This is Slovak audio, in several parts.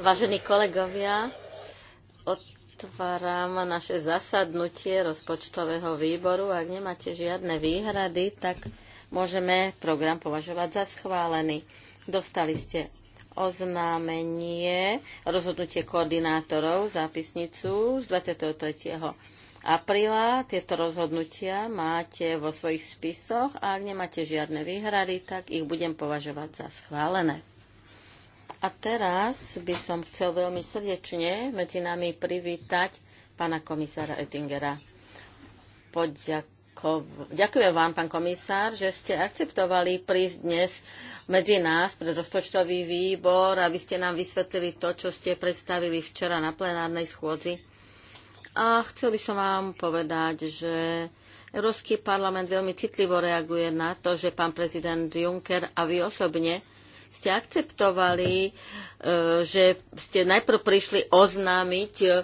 Vážení kolegovia, otváram naše zasadnutie rozpočtového výboru. Ak nemáte žiadne výhrady, tak môžeme program považovať za schválený. Dostali ste oznámenie, rozhodnutie koordinátorov, zápisnicu z 23 apríla. Tieto rozhodnutia máte vo svojich spisoch a ak nemáte žiadne výhrady, tak ich budem považovať za schválené. A teraz by som chcel veľmi srdečne medzi nami privítať pána komisára Oettingera. Poďakov... Ďakujem vám, pán komisár, že ste akceptovali prísť dnes medzi nás pre rozpočtový výbor, aby ste nám vysvetlili to, čo ste predstavili včera na plenárnej schôdzi a chceli som vám povedať, že Európsky parlament veľmi citlivo reaguje na to, že pán prezident Juncker a vy osobne ste akceptovali, e, že ste najprv prišli oznámiť e,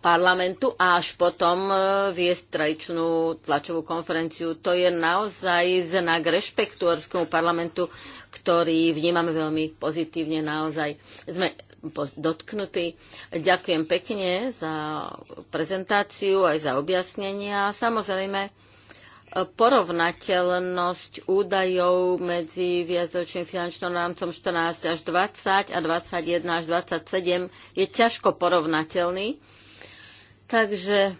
parlamentu a až potom e, viesť tradičnú tlačovú konferenciu. To je naozaj znak rešpektu Európskemu parlamentu, ktorý vnímame veľmi pozitívne naozaj. Sme dotknutí. Ďakujem pekne za prezentáciu aj za objasnenia. Samozrejme, porovnateľnosť údajov medzi viacročným finančným rámcom 14 až 20 a 21 až 27 je ťažko porovnateľný. Takže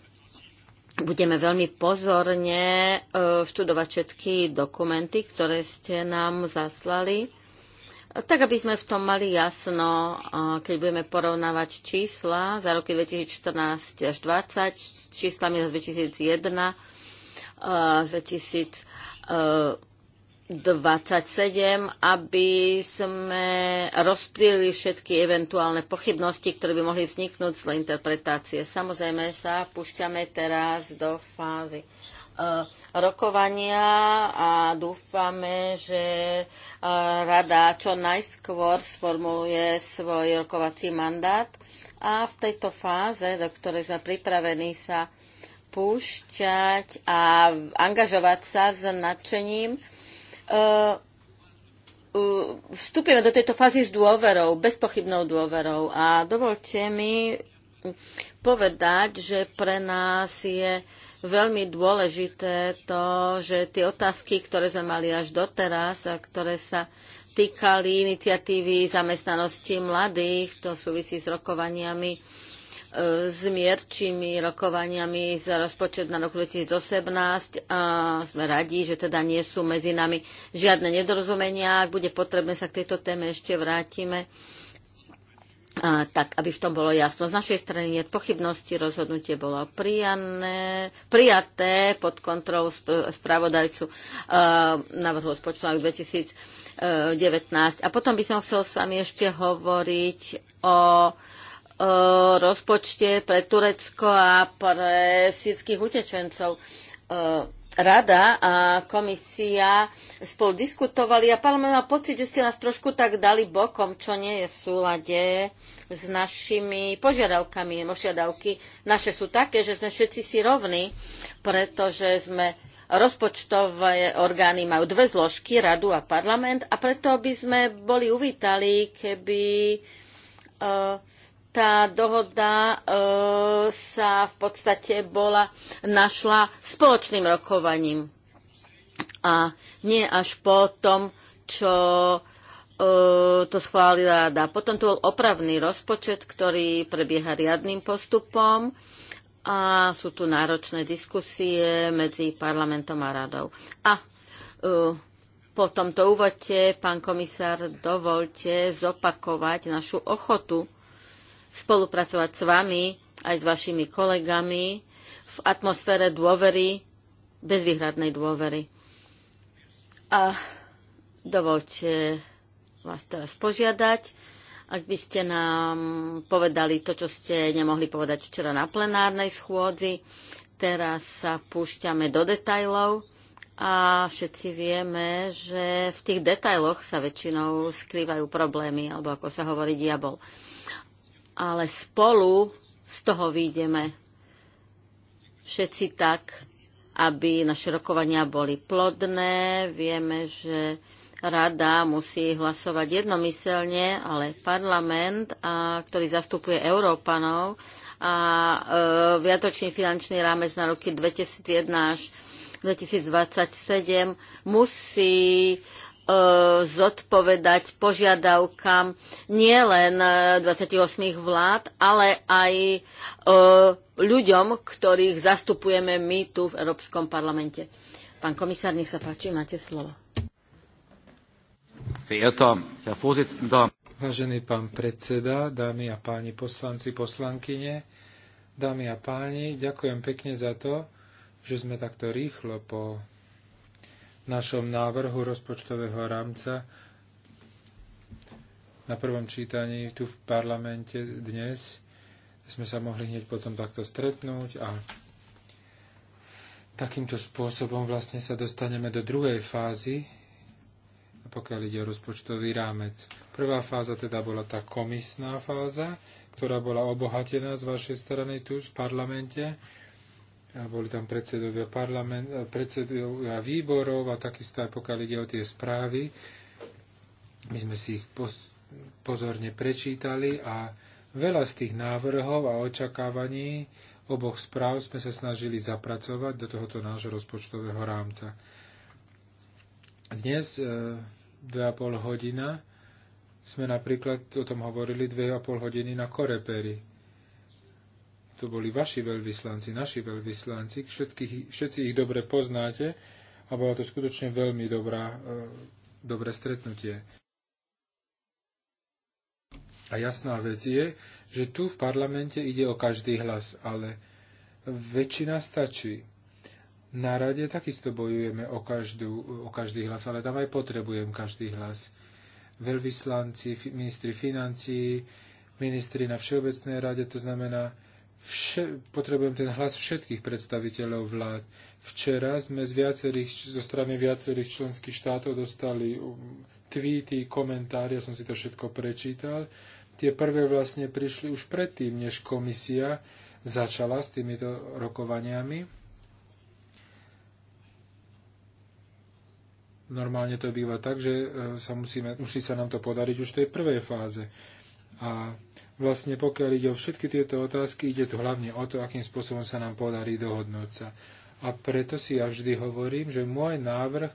budeme veľmi pozorne e, študovať všetky dokumenty, ktoré ste nám zaslali tak aby sme v tom mali jasno, keď budeme porovnávať čísla za roky 2014 až 2020 s číslami za 2001, 2027, e, aby sme rozptýlili všetky eventuálne pochybnosti, ktoré by mohli vzniknúť z interpretácie. Samozrejme sa púšťame teraz do fázy Eh, rokovania a dúfame, že eh, rada čo najskôr sformuluje svoj rokovací mandát a v tejto fáze, do ktorej sme pripravení sa púšťať a angažovať sa s nadšením, eh, vstúpime do tejto fázy s dôverou, bezpochybnou dôverou. A dovolte mi povedať, že pre nás je veľmi dôležité to, že tie otázky, ktoré sme mali až doteraz a ktoré sa týkali iniciatívy zamestnanosti mladých, to súvisí s rokovaniami e, s mierčími rokovaniami za rozpočet na rok 2018 a sme radi, že teda nie sú medzi nami žiadne nedorozumenia. Ak bude potrebné, sa k tejto téme ešte vrátime a, tak aby v tom bolo jasno. Z našej strany nie pochybnosti, rozhodnutie bolo prijané, prijaté pod kontrolou sp- spravodajcu e, návrhu spočtovania 2019. A potom by som chcel s vami ešte hovoriť o rozpočte pre Turecko a pre sírskych utečencov. E, rada a komisia spolu diskutovali a parlament mal pocit, že ste nás trošku tak dali bokom, čo nie je v súlade s našimi požiadavkami. Požiadavky naše sú také, že sme všetci si rovní, pretože sme rozpočtové orgány majú dve zložky, radu a parlament a preto by sme boli uvítali, keby uh, tá dohoda e, sa v podstate bola, našla spoločným rokovaním. A nie až po tom, čo e, to schválila rada. Potom tu bol opravný rozpočet, ktorý prebieha riadným postupom a sú tu náročné diskusie medzi parlamentom a radou. A e, po tomto úvode, pán komisár, dovolte zopakovať našu ochotu spolupracovať s vami aj s vašimi kolegami v atmosfére dôvery, bezvýhradnej dôvery. A dovolte vás teraz požiadať, ak by ste nám povedali to, čo ste nemohli povedať včera na plenárnej schôdzi. Teraz sa púšťame do detajlov a všetci vieme, že v tých detajloch sa väčšinou skrývajú problémy, alebo ako sa hovorí diabol ale spolu z toho výjdeme všetci tak, aby naše rokovania boli plodné. Vieme, že rada musí hlasovať jednomyselne, ale parlament, a, ktorý zastupuje Európanov a e, viatočný finančný rámec na roky 2001 až 2027 musí E, zodpovedať požiadavkám nielen 28 e, vlád, ale aj e, ľuďom, ktorých zastupujeme my tu v Európskom parlamente. Pán komisár, nech sa páči, máte slovo. Vážený pán predseda, dámy a páni poslanci, poslankyne, dámy a páni, ďakujem pekne za to, že sme takto rýchlo po našom návrhu rozpočtového rámca na prvom čítaní tu v parlamente dnes. Sme sa mohli hneď potom takto stretnúť a takýmto spôsobom vlastne sa dostaneme do druhej fázy, pokiaľ ide o rozpočtový rámec. Prvá fáza teda bola tá komisná fáza, ktorá bola obohatená z vašej strany tu v parlamente a boli tam predsedovia, parlament, eh, predsedovia výborov a takisto aj pokiaľ ide o tie správy. My sme si ich pozorne prečítali a veľa z tých návrhov a očakávaní oboch správ sme sa snažili zapracovať do tohoto nášho rozpočtového rámca. Dnes, 2,5 eh, hodina, sme napríklad o tom hovorili 2,5 hodiny na Koreperi to boli vaši veľvyslanci, naši veľvyslanci, všetkých, všetci ich dobre poznáte a bolo to skutočne veľmi dobrá, e, dobré stretnutie. A jasná vec je, že tu v parlamente ide o každý hlas, ale väčšina stačí. Na rade takisto bojujeme o, každú, o každý hlas, ale tam aj potrebujem každý hlas. Veľvyslanci, ministri financií, ministri na Všeobecnej rade, to znamená, vše, potrebujem ten hlas všetkých predstaviteľov vlád. Včera sme z viacerých, zo strany viacerých členských štátov dostali um, tweety, komentári, ja som si to všetko prečítal. Tie prvé vlastne prišli už predtým, než komisia začala s týmito rokovaniami. Normálne to býva tak, že e, sa musíme, musí sa nám to podariť už v tej prvej fáze. A vlastne pokiaľ ide o všetky tieto otázky, ide tu hlavne o to, akým spôsobom sa nám podarí dohodnúť sa. A preto si ja vždy hovorím, že môj návrh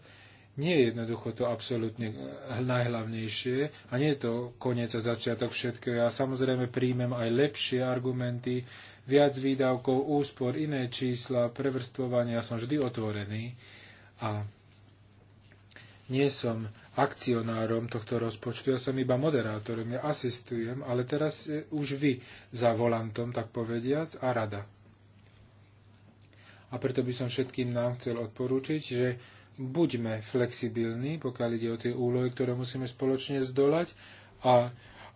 nie je jednoducho to absolútne najhlavnejšie a nie je to koniec a začiatok všetkého. Ja samozrejme príjmem aj lepšie argumenty, viac výdavkov, úspor, iné čísla, prevrstvovania, ja som vždy otvorený. A nie som akcionárom tohto rozpočtu, ja som iba moderátorom, ja asistujem, ale teraz už vy za volantom, tak povediac, a rada. A preto by som všetkým nám chcel odporúčiť, že buďme flexibilní, pokiaľ ide o tie úlohy, ktoré musíme spoločne zdolať a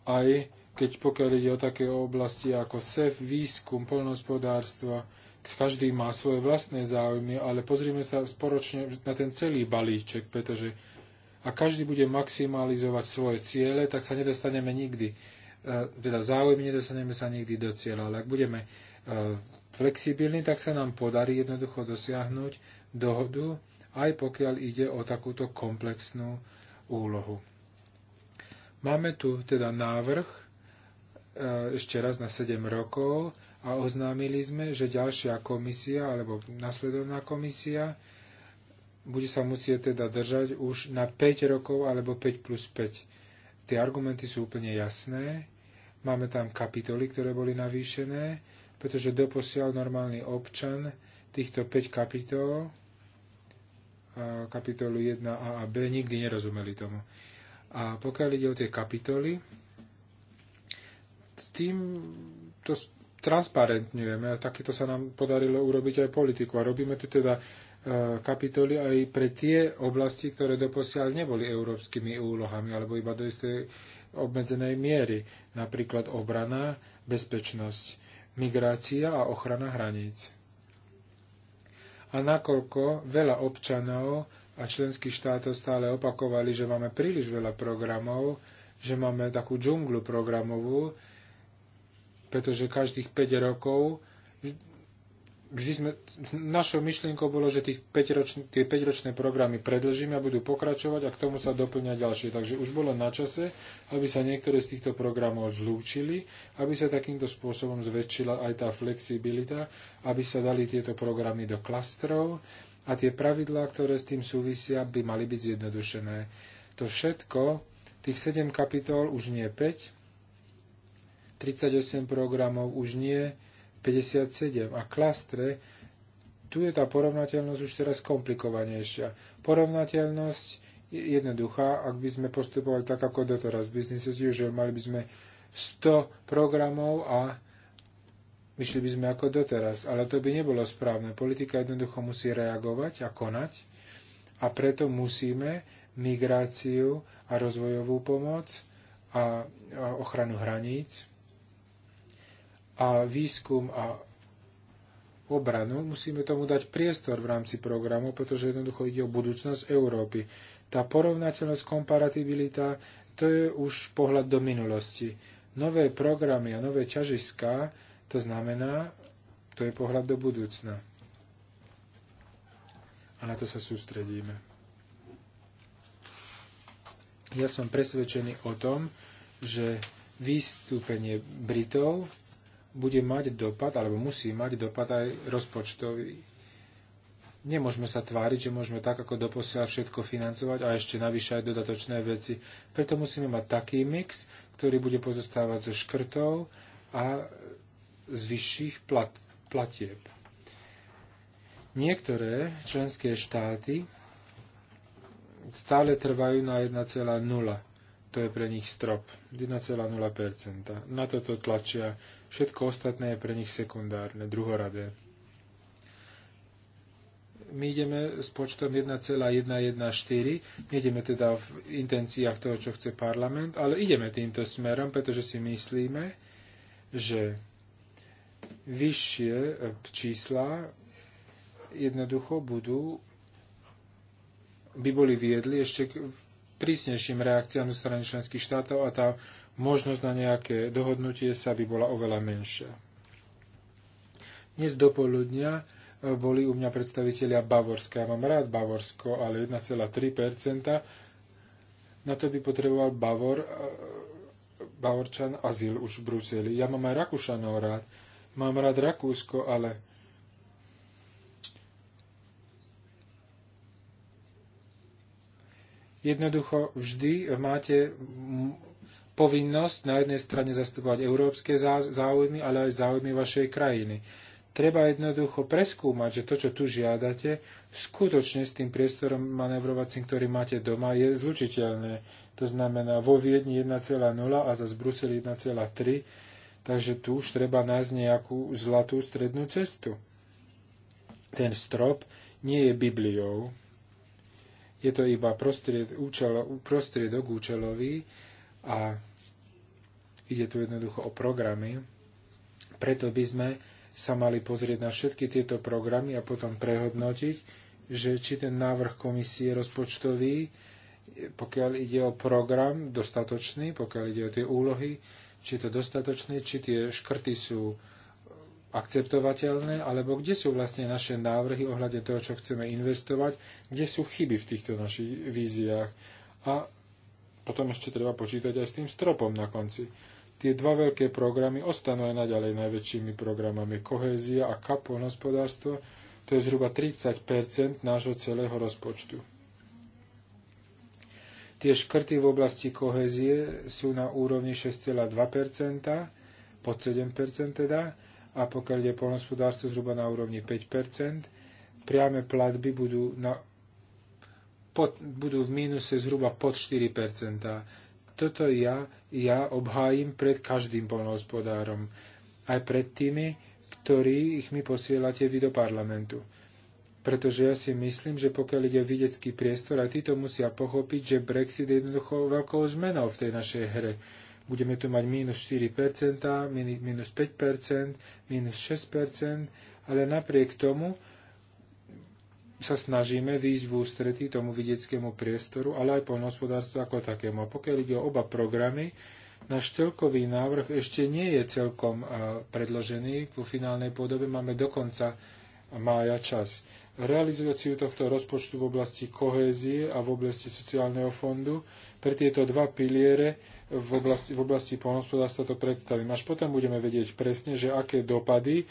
aj keď pokiaľ ide o také oblasti ako SEF, výskum, polnohospodárstvo, každý má svoje vlastné záujmy, ale pozrime sa sporočne na ten celý balíček, pretože a každý bude maximalizovať svoje ciele, tak sa nedostaneme nikdy, e, teda záujmy nedostaneme sa nikdy do cieľa, ale ak budeme e, flexibilní, tak sa nám podarí jednoducho dosiahnuť dohodu, aj pokiaľ ide o takúto komplexnú úlohu. Máme tu teda návrh e, ešte raz na 7 rokov, a oznámili sme, že ďalšia komisia alebo nasledovná komisia bude sa musieť teda držať už na 5 rokov alebo 5 plus 5. Tie argumenty sú úplne jasné. Máme tam kapitoly, ktoré boli navýšené, pretože doposiaľ normálny občan týchto 5 kapitol, kapitolu 1 a a B, nikdy nerozumeli tomu. A pokiaľ ide o tie kapitoly, s tým to transparentňujeme a takéto sa nám podarilo urobiť aj politiku. A robíme tu teda e, kapitoly aj pre tie oblasti, ktoré doposiaľ neboli európskymi úlohami alebo iba do istej obmedzenej miery, napríklad obrana, bezpečnosť, migrácia a ochrana hraníc. A nakoľko veľa občanov a členských štátov stále opakovali, že máme príliš veľa programov, že máme takú džunglu programovú, pretože každých 5 rokov vždy sme, našou myšlienkou bolo, že tých 5 ročn, tie 5-ročné programy predlžíme a budú pokračovať a k tomu sa doplňa ďalšie. Takže už bolo na čase, aby sa niektoré z týchto programov zlúčili, aby sa takýmto spôsobom zväčšila aj tá flexibilita, aby sa dali tieto programy do klastrov a tie pravidlá, ktoré s tým súvisia, by mali byť zjednodušené. To všetko, tých 7 kapitol, už nie 5, 38 programov už nie, 57. A klastre, tu je tá porovnateľnosť už teraz komplikovanejšia. Porovnateľnosť je jednoduchá, ak by sme postupovali tak ako doteraz, business as usual, mali by sme 100 programov a Myšli by sme ako doteraz, ale to by nebolo správne. Politika jednoducho musí reagovať a konať a preto musíme migráciu a rozvojovú pomoc a ochranu hraníc a výskum a obranu, musíme tomu dať priestor v rámci programu, pretože jednoducho ide o budúcnosť Európy. Tá porovnateľnosť, komparatibilita, to je už pohľad do minulosti. Nové programy a nové ťažiská, to znamená, to je pohľad do budúcna. A na to sa sústredíme. Ja som presvedčený o tom, že vystúpenie Britov bude mať dopad, alebo musí mať dopad aj rozpočtový. Nemôžeme sa tváriť, že môžeme tak ako doposiaľ všetko financovať a ešte navyše aj dodatočné veci. Preto musíme mať taký mix, ktorý bude pozostávať zo škrtov a z vyšších plat, platieb. Niektoré členské štáty stále trvajú na 1,0. To je pre nich strop. 1,0%. Na toto tlačia Všetko ostatné je pre nich sekundárne, druhoradé. My ideme s počtom 1,114, nejdeme teda v intenciách toho, čo chce parlament, ale ideme týmto smerom, pretože si myslíme, že vyššie e, čísla jednoducho budú, by boli viedli ešte k prísnejším reakciám zo strany členských štátov a tá možnosť na nejaké dohodnutie sa by bola oveľa menšia. Dnes do poludnia eh, boli u mňa predstavitelia Bavorska. Ja mám rád Bavorsko, ale 1,3%. Na to by potreboval Bavor, eh, Bavorčan azyl už v Bruseli. Ja mám aj Rakúšanov rád. Mám rád Rakúsko, ale jednoducho vždy máte povinnosť na jednej strane zastupovať európske záujmy, ale aj záujmy vašej krajiny. Treba jednoducho preskúmať, že to, čo tu žiadate, skutočne s tým priestorom manevrovacím, ktorý máte doma, je zlučiteľné. To znamená vo Viedni 1,0 a za Bruseli 1,3, takže tu už treba nájsť nejakú zlatú strednú cestu. Ten strop nie je Bibliou, je to iba prostried, účel, prostriedok účelový a Ide tu jednoducho o programy. Preto by sme sa mali pozrieť na všetky tieto programy a potom prehodnotiť, že či ten návrh komisie rozpočtový, pokiaľ ide o program dostatočný, pokiaľ ide o tie úlohy, či je to dostatočné, či tie škrty sú akceptovateľné, alebo kde sú vlastne naše návrhy ohľadne toho, čo chceme investovať, kde sú chyby v týchto našich víziách. A potom ešte treba počítať aj s tým stropom na konci. Tie dva veľké programy ostanú aj naďalej najväčšími programami kohézia a kapolnospodárstvo, to je zhruba 30 nášho celého rozpočtu. Tie škrty v oblasti kohézie sú na úrovni 6,2 pod 7 teda, a pokiaľ je polnospodárstvo zhruba na úrovni 5 priame platby budú, na, pod, budú v mínuse zhruba pod 4 toto ja, ja obhájim pred každým polnohospodárom. Aj pred tými, ktorých mi posielate vy do parlamentu. Pretože ja si myslím, že pokiaľ ide o videcký priestor, aj títo musia pochopiť, že Brexit je jednoducho veľkou zmenou v tej našej hre. Budeme tu mať minus 4%, minus 5%, minus 6%, ale napriek tomu sa snažíme výjsť v ústretí tomu vidieckému priestoru, ale aj poľnohospodárstvu ako takému. A pokiaľ ide o oba programy, náš celkový návrh ešte nie je celkom e, predložený vo finálnej podobe. Máme dokonca mája čas. Realizáciu tohto rozpočtu v oblasti kohézie a v oblasti sociálneho fondu pre tieto dva piliere v oblasti, v oblasti poľnohospodárstva to predstavím. Až potom budeme vedieť presne, že aké dopady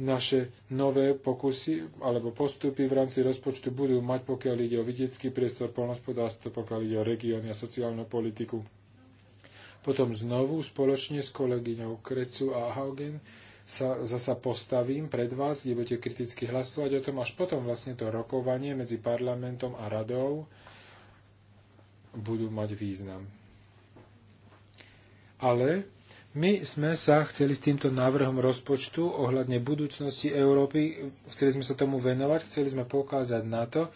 naše nové pokusy alebo postupy v rámci rozpočtu budú mať, pokiaľ ide o vidiecký priestor, polnospodárstvo, pokiaľ ide o regióny a sociálnu politiku. Potom znovu spoločne s kolegyňou Krecu a Haugen sa zasa postavím pred vás, kde budete kriticky hlasovať o tom, až potom vlastne to rokovanie medzi parlamentom a radou budú mať význam. Ale my sme sa chceli s týmto návrhom rozpočtu ohľadne budúcnosti Európy, chceli sme sa tomu venovať, chceli sme poukázať na to,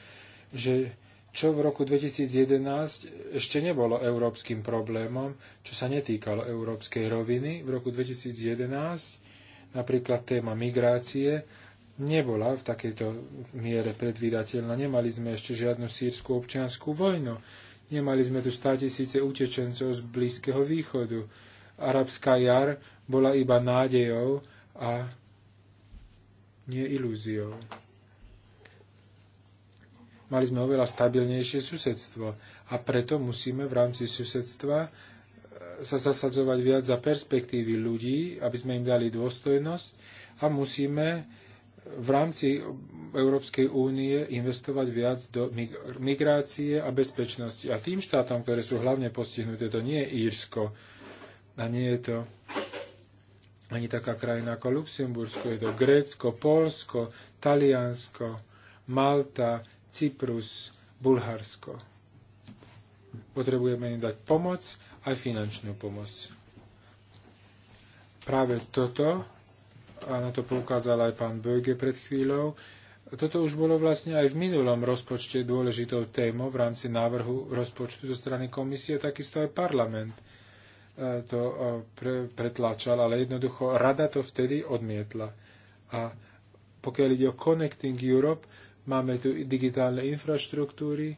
že čo v roku 2011 ešte nebolo európskym problémom, čo sa netýkalo európskej roviny. V roku 2011 napríklad téma migrácie nebola v takejto miere predvídateľná. Nemali sme ešte žiadnu sírskú občianskú vojnu. Nemali sme tu státisíce utečencov z Blízkeho východu arabská jar bola iba nádejou a nie ilúziou. Mali sme oveľa stabilnejšie susedstvo a preto musíme v rámci susedstva e, sa zasadzovať viac za perspektívy ľudí, aby sme im dali dôstojnosť a musíme v rámci Európskej únie investovať viac do migrácie a bezpečnosti. A tým štátom, ktoré sú hlavne postihnuté, to nie je Írsko, a nie je to ani taká krajina ako Luxembursko, je to Grécko, Polsko, Taliansko, Malta, Cyprus, Bulharsko. Potrebujeme im dať pomoc, aj finančnú pomoc. Práve toto, a na to poukázal aj pán Böge pred chvíľou, toto už bolo vlastne aj v minulom rozpočte dôležitou témou v rámci návrhu rozpočtu zo strany komisie, takisto aj parlament to eh, pre, pretláčal, ale jednoducho rada to vtedy odmietla. A pokiaľ ide o Connecting Europe, máme tu digitálne infraštruktúry,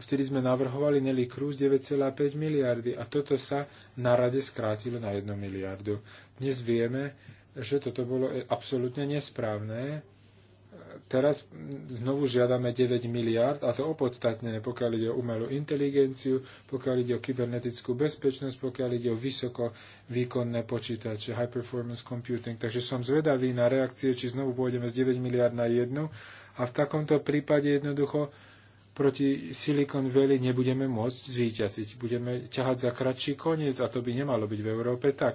vtedy sme navrhovali Nelly Cruz 9,5 miliardy a toto sa na rade skrátilo na 1 miliardu. Dnes vieme, že toto bolo absolútne nesprávne teraz znovu žiadame 9 miliard, a to opodstatnené, pokiaľ ide o umelú inteligenciu, pokiaľ ide o kybernetickú bezpečnosť, pokiaľ ide o vysoko výkonné počítače, high performance computing. Takže som zvedavý na reakcie, či znovu pôjdeme z 9 miliard na jednu. A v takomto prípade jednoducho proti Silicon Valley nebudeme môcť zvíťaziť. Budeme ťahať za kratší koniec a to by nemalo byť v Európe tak.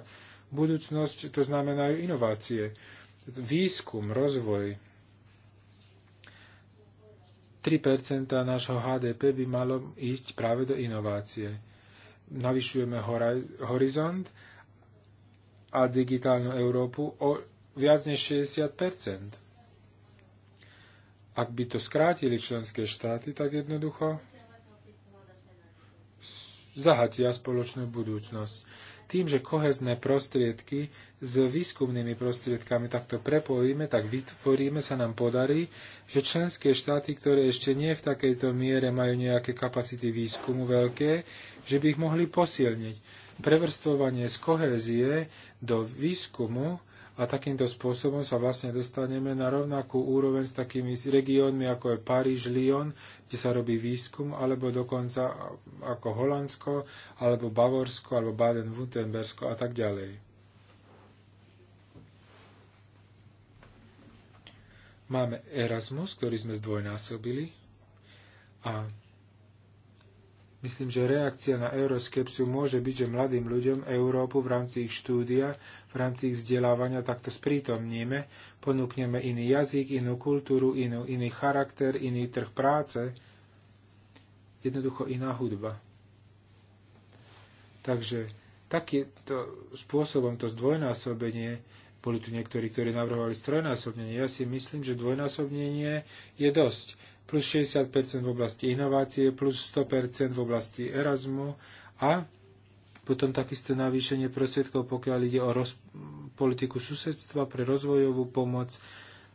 Budúcnosť to znamenajú inovácie. Výskum, rozvoj, 3 nášho HDP by malo ísť práve do inovácie. Navyšujeme horizont a digitálnu Európu o viac než 60 Ak by to skrátili členské štáty, tak jednoducho zahatia spoločnú budúcnosť. Tým, že kohezné prostriedky s výskumnými prostriedkami takto prepojíme, tak vytvoríme, sa nám podarí, že členské štáty, ktoré ešte nie v takejto miere majú nejaké kapacity výskumu veľké, že by ich mohli posilniť. Prevrstovanie z kohézie do výskumu a takýmto spôsobom sa vlastne dostaneme na rovnakú úroveň s takými regiónmi, ako je Paríž, Lyon, kde sa robí výskum, alebo dokonca ako Holandsko, alebo Bavorsko, alebo Baden-Württembersko a tak ďalej. Máme Erasmus, ktorý sme zdvojnásobili a myslím, že reakcia na euroskepsiu môže byť, že mladým ľuďom Európu v rámci ich štúdia, v rámci ich vzdelávania takto sprítomníme, ponúkneme iný jazyk, inú kultúru, inú, iný charakter, iný trh práce, jednoducho iná hudba. Takže takýmto spôsobom to zdvojnásobenie boli tu niektorí, ktorí navrhovali strojnásobnenie. Ja si myslím, že dvojnásobnenie je dosť. Plus 60% v oblasti inovácie, plus 100% v oblasti Erasmu a potom takisto navýšenie prostriedkov, pokiaľ ide o roz, politiku susedstva pre rozvojovú pomoc,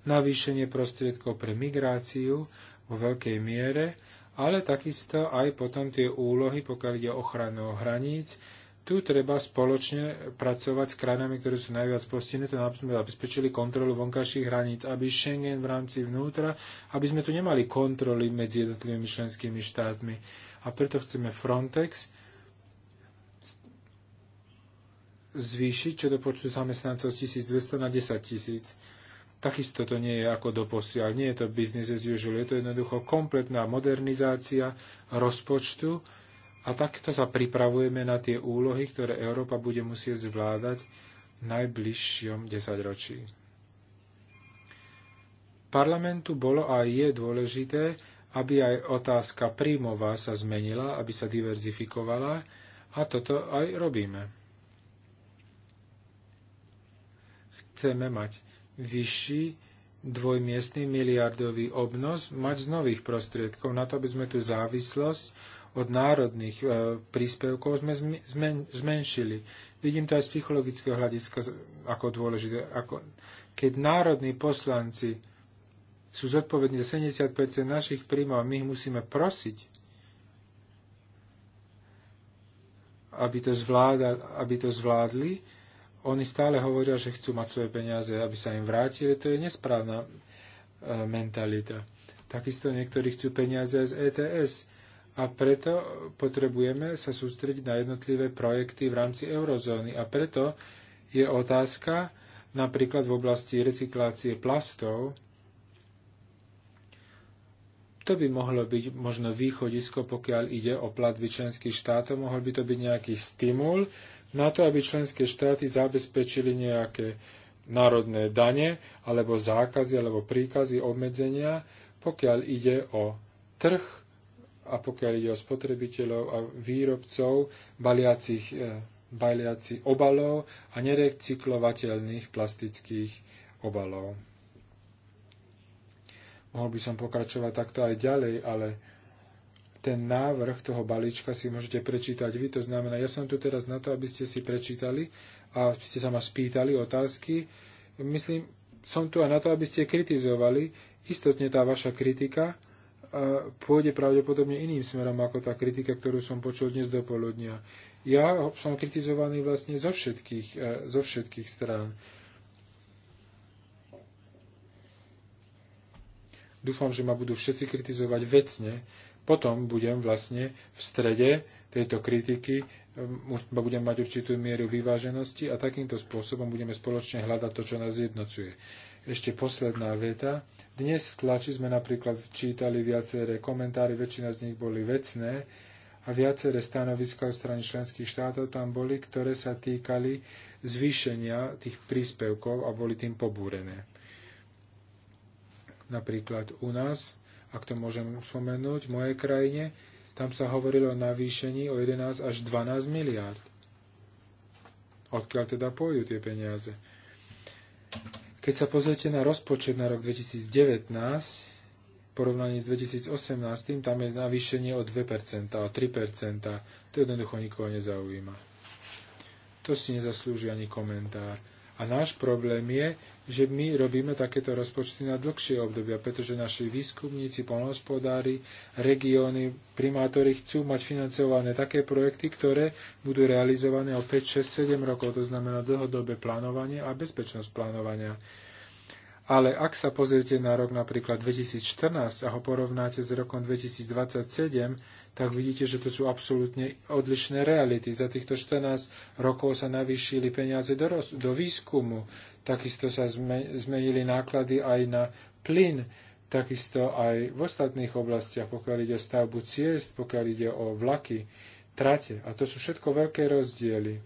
navýšenie prostriedkov pre migráciu vo veľkej miere, ale takisto aj potom tie úlohy, pokiaľ ide o ochranu hraníc, tu treba spoločne pracovať s krajinami, ktoré sú najviac postihnuté, aby sme zabezpečili kontrolu vonkajších hraníc, aby Schengen v rámci vnútra, aby sme tu nemali kontroly medzi jednotlivými členskými štátmi. A preto chceme Frontex zvýšiť, čo do počtu zamestnancov 1200 na 10 tisíc. Takisto to nie je ako doposiaľ. Nie je to business as usual. Je to jednoducho kompletná modernizácia rozpočtu, a takto sa pripravujeme na tie úlohy, ktoré Európa bude musieť zvládať v najbližšom desaťročí. Parlamentu bolo a je dôležité, aby aj otázka príjmová sa zmenila, aby sa diverzifikovala a toto aj robíme. Chceme mať vyšší dvojmiestný miliardový obnos mať z nových prostriedkov, na to, aby sme tú závislosť od národných e, príspevkov sme zmen, zmenšili. Vidím to aj z psychologického hľadiska ako dôležité. Ako, keď národní poslanci sú zodpovední za 70 našich príjmov a my ich musíme prosiť, aby to, zvládal, aby to zvládli, oni stále hovoria, že chcú mať svoje peniaze, aby sa im vrátili. To je nesprávna e, mentalita. Takisto niektorí chcú peniaze aj z ETS. A preto potrebujeme sa sústrediť na jednotlivé projekty v rámci eurozóny. A preto je otázka napríklad v oblasti recyklácie plastov. To by mohlo byť možno východisko, pokiaľ ide o platby členských štátov. Mohol by to byť nejaký stimul na to, aby členské štáty zabezpečili nejaké národné dane, alebo zákazy, alebo príkazy, obmedzenia, pokiaľ ide o trh a pokiaľ ide o spotrebiteľov a výrobcov baliacich, e, baliacich obalov a nerecyklovateľných plastických obalov. Mohol by som pokračovať takto aj ďalej, ale ten návrh toho balíčka si môžete prečítať vy. To znamená, ja som tu teraz na to, aby ste si prečítali a ste sa ma spýtali otázky. Myslím, som tu aj na to, aby ste kritizovali. Istotne tá vaša kritika pôjde pravdepodobne iným smerom ako tá kritika, ktorú som počul dnes do poludnia. Ja som kritizovaný vlastne zo všetkých, e, zo všetkých strán. Dúfam, že ma budú všetci kritizovať vecne. Potom budem vlastne v strede tejto kritiky, e, budem mať určitú mieru vyváženosti a takýmto spôsobom budeme spoločne hľadať to, čo nás jednocuje. Ešte posledná veta. Dnes v tlači sme napríklad čítali viaceré komentári, väčšina z nich boli vecné a viaceré stanoviska od strany členských štátov tam boli, ktoré sa týkali zvýšenia tých príspevkov a boli tým pobúrené. Napríklad u nás, ak to môžem spomenúť, v mojej krajine, tam sa hovorilo o navýšení o 11 až 12 miliárd. Odkiaľ teda pôjdu tie peniaze? Keď sa pozriete na rozpočet na rok 2019, v porovnaní s 2018, tam je navýšenie o 2%, o 3%. To jednoducho nikoho nezaujíma. To si nezaslúži ani komentár. A náš problém je, že my robíme takéto rozpočty na dlhšie obdobia, pretože naši výskumníci, polnohospodári, regióny, primátori chcú mať financované také projekty, ktoré budú realizované o 5, 6, 7 rokov, to znamená dlhodobé plánovanie a bezpečnosť plánovania. Ale ak sa pozriete na rok napríklad 2014 a ho porovnáte s rokom 2027, tak vidíte, že to sú absolútne odlišné reality. Za týchto 14 rokov sa navýšili peniaze do, roz, do výskumu, takisto sa zmenili náklady aj na plyn, takisto aj v ostatných oblastiach, pokiaľ ide o stavbu ciest, pokiaľ ide o vlaky, trate. A to sú všetko veľké rozdiely.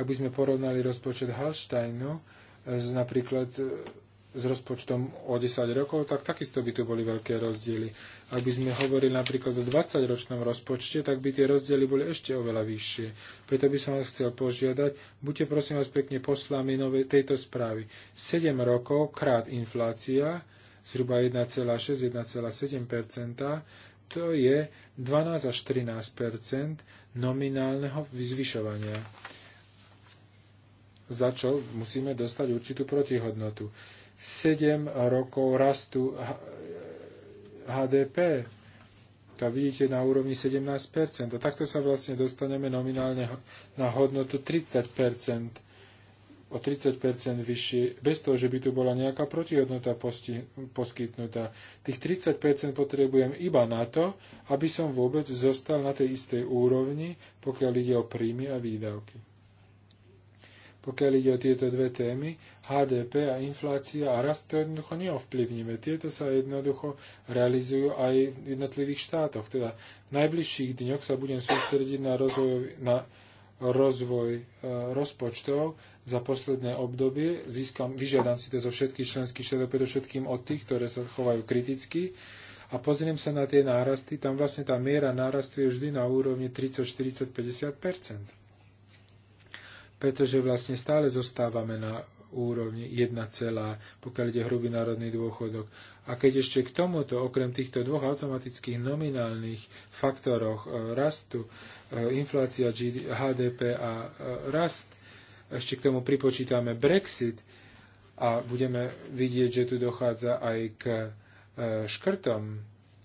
Ak by sme porovnali rozpočet Halsteinu, napríklad e, s rozpočtom o 10 rokov, tak takisto by tu boli veľké rozdiely. Ak by sme hovorili napríklad o 20-ročnom rozpočte, tak by tie rozdiely boli ešte oveľa vyššie. Preto by som vás chcel požiadať, buďte prosím vás pekne poslami nové, tejto správy. 7 rokov krát inflácia, zhruba 1,6-1,7%, to je 12 až 13 nominálneho vyzvyšovania za čo musíme dostať určitú protihodnotu. 7 rokov rastu HDP, to vidíte na úrovni 17%. A takto sa vlastne dostaneme nominálne na hodnotu 30% o 30% vyššie, bez toho, že by tu bola nejaká protihodnota posti, poskytnutá. Tých 30% potrebujem iba na to, aby som vôbec zostal na tej istej úrovni, pokiaľ ide o príjmy a výdavky pokiaľ ide o tieto dve témy, HDP a inflácia a rast, to jednoducho neovplyvníme. Tieto sa jednoducho realizujú aj v jednotlivých štátoch. Teda v najbližších dňoch sa budem sústrediť na rozvoj, na rozvoj e, rozpočtov za posledné obdobie. Získam, vyžiadam si to zo všetkých členských štátov, predovšetkým od tých, ktoré sa chovajú kriticky a pozriem sa na tie nárasty, tam vlastne tá miera nárastu je vždy na úrovni 30, 40, 50 pretože vlastne stále zostávame na úrovni 1, pokiaľ ide hrubý národný dôchodok. A keď ešte k tomuto, okrem týchto dvoch automatických nominálnych faktoroch e, rastu, e, inflácia HDP a e, rast, ešte k tomu pripočítame Brexit a budeme vidieť, že tu dochádza aj k škrtom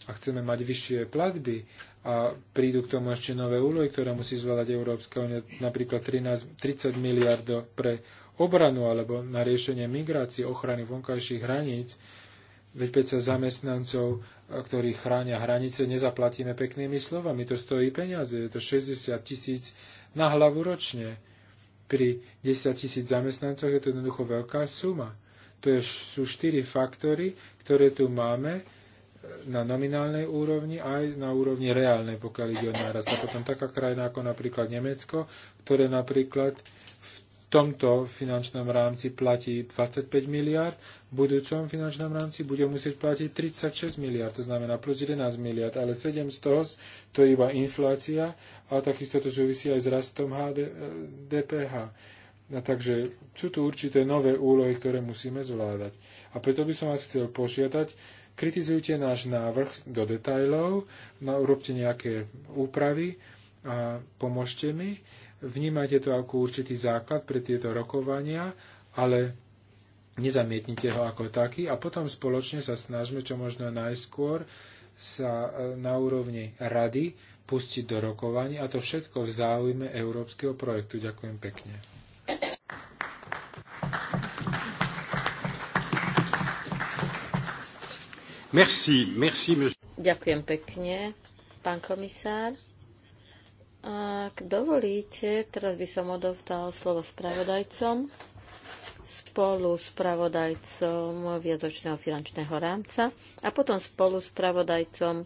a chceme mať vyššie platby a prídu k tomu ešte nové úlohy, ktoré musí zvládať Európska únia, napríklad 13, 30 miliard pre obranu alebo na riešenie migrácie, ochrany vonkajších hraníc, veď sa zamestnancov, ktorí chránia hranice, nezaplatíme peknými slovami. To stojí peniaze, je to 60 tisíc na hlavu ročne. Pri 10 tisíc zamestnancoch je to jednoducho veľká suma. To je, sú štyri faktory, ktoré tu máme, na nominálnej úrovni, aj na úrovni reálnej, pokiaľ ide o nárast. A potom taká krajina ako napríklad Nemecko, ktoré napríklad v tomto finančnom rámci platí 25 miliard, v budúcom finančnom rámci bude musieť platiť 36 miliard, to znamená plus 11 miliard, ale 7 z toho to je iba inflácia a takisto to súvisí aj s rastom HD, DPH. Eh, a takže sú tu určité nové úlohy, ktoré musíme zvládať. A preto by som vás chcel požiadať, kritizujte náš návrh do detajlov, no, urobte nejaké úpravy a pomôžte mi. Vnímajte to ako určitý základ pre tieto rokovania, ale nezamietnite ho ako taký a potom spoločne sa snažme čo možno najskôr sa e, na úrovni rady pustiť do rokovania a to všetko v záujme európskeho projektu. Ďakujem pekne. Merci, merci, monsieur. Ďakujem pekne, pán komisár. Ak dovolíte, teraz by som odovzdal slovo spravodajcom spolu s pravodajcom viacočného finančného rámca a potom spolu s pravodajcom e,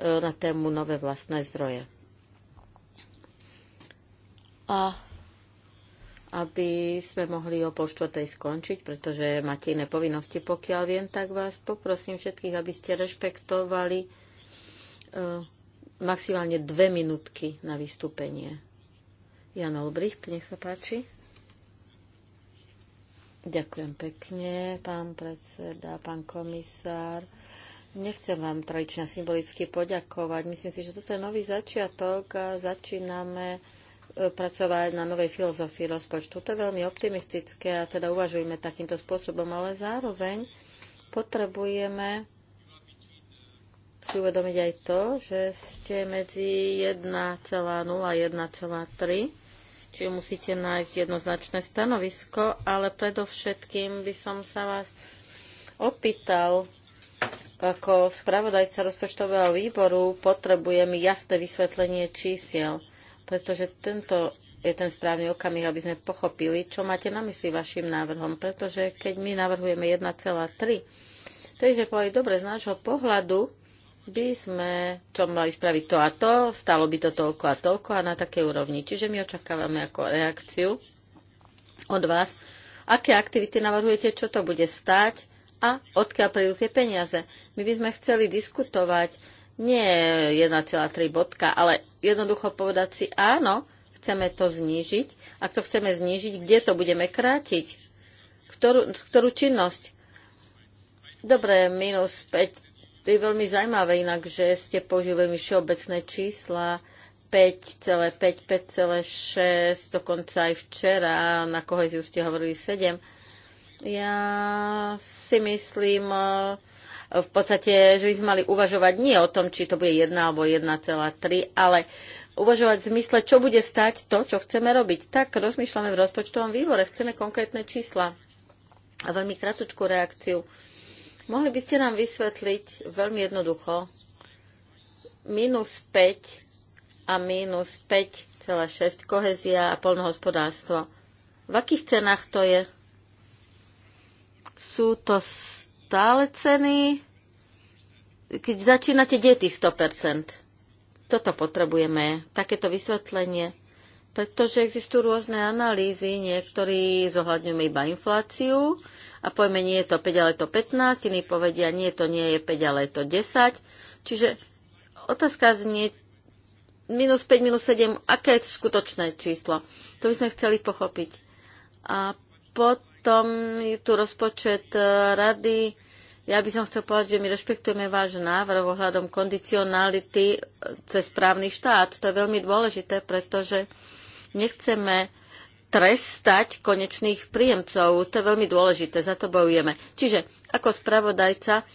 na tému nové vlastné zdroje. A aby sme mohli o pol štvrtej skončiť, pretože máte iné povinnosti. Pokiaľ viem, tak vás poprosím všetkých, aby ste rešpektovali uh, maximálne dve minútky na vystúpenie. Jan Olbricht, nech sa páči. Ďakujem pekne, pán predseda, pán komisár. Nechcem vám tradične symbolicky poďakovať. Myslím si, že toto je nový začiatok a začíname E, pracovať na novej filozofii rozpočtu. To je veľmi optimistické a teda uvažujeme takýmto spôsobom, ale zároveň potrebujeme si uvedomiť aj to, že ste medzi 1,0 a 1,3 čiže musíte nájsť jednoznačné stanovisko, ale predovšetkým by som sa vás opýtal, ako spravodajca rozpočtového výboru potrebujem jasné vysvetlenie čísiel pretože tento je ten správny okamih, aby sme pochopili, čo máte na mysli vašim návrhom. Pretože keď my navrhujeme 1,3, tak sme povedali, dobre, z nášho pohľadu by sme čo mali spraviť to a to, stalo by to toľko a toľko a na také úrovni. Čiže my očakávame ako reakciu od vás, aké aktivity navrhujete, čo to bude stať a odkiaľ prídu tie peniaze. My by sme chceli diskutovať nie 1,3 bodka, ale jednoducho povedať si áno, chceme to znížiť. Ak to chceme znížiť, kde to budeme krátiť? Ktorú, ktorú činnosť? Dobre, minus 5. To je veľmi zaujímavé inak, že ste použili všeobecné čísla 5,5, 5,6, dokonca aj včera, na koheziu ste hovorili 7. Ja si myslím, v podstate, že by sme mali uvažovať nie o tom, či to bude 1 alebo 1,3, ale uvažovať v zmysle, čo bude stať to, čo chceme robiť. Tak rozmýšľame v rozpočtovom výbore, chceme konkrétne čísla. A veľmi kratučkú reakciu. Mohli by ste nám vysvetliť veľmi jednoducho minus 5 a minus 5,6 kohezia a polnohospodárstvo. V akých cenách to je? Sú to stále ceny, keď začínate deti 100%. Toto potrebujeme, takéto vysvetlenie, pretože existujú rôzne analýzy, niektorí zohľadňujú iba infláciu a povieme, nie je to 5, ale to 15, iní povedia nie, to nie je 5, ale to 10. Čiže otázka znie, minus 5, minus 7, aké je to skutočné číslo? To by sme chceli pochopiť. A potom je tu rozpočet eh, rady ja by som chcel povedať, že my rešpektujeme váš návrh ohľadom kondicionality e, cez právny štát. To je veľmi dôležité, pretože nechceme trestať konečných príjemcov. To je veľmi dôležité, za to bojujeme. Čiže ako spravodajca,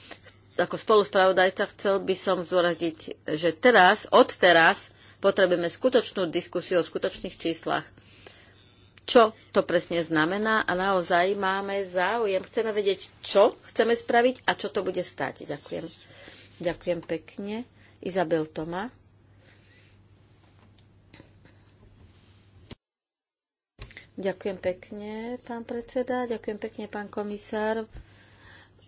ako spoluspravodajca chcel by som zdôrazniť, že teraz, od teraz, potrebujeme skutočnú diskusiu o skutočných číslach čo to presne znamená a naozaj máme záujem. Chceme vedieť, čo chceme spraviť a čo to bude stáť. Ďakujem. Ďakujem pekne. Izabel Toma. Ďakujem pekne, pán predseda, ďakujem pekne, pán komisár.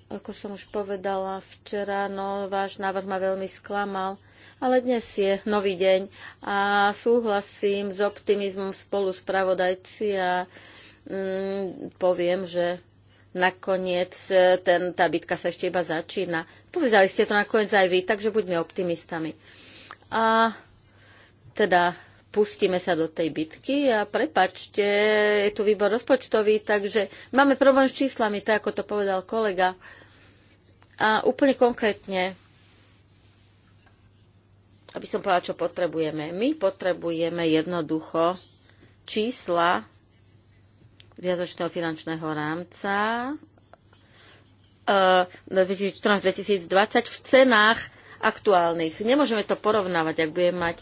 Ako som už povedala včera, no váš návrh ma veľmi sklamal ale dnes je nový deň a súhlasím s optimizmom spolu spravodajci a mm, poviem, že nakoniec e, ten, tá bitka sa ešte iba začína. Povedali ste to nakoniec aj vy, takže buďme optimistami. A teda pustíme sa do tej bitky a prepačte, je tu výbor rozpočtový, takže máme problém s číslami, tak ako to povedal kolega. A úplne konkrétne, aby som povedala, čo potrebujeme. My potrebujeme jednoducho čísla viazočného finančného rámca 2014-2020 eh, v cenách aktuálnych. Nemôžeme to porovnávať, ak budeme mať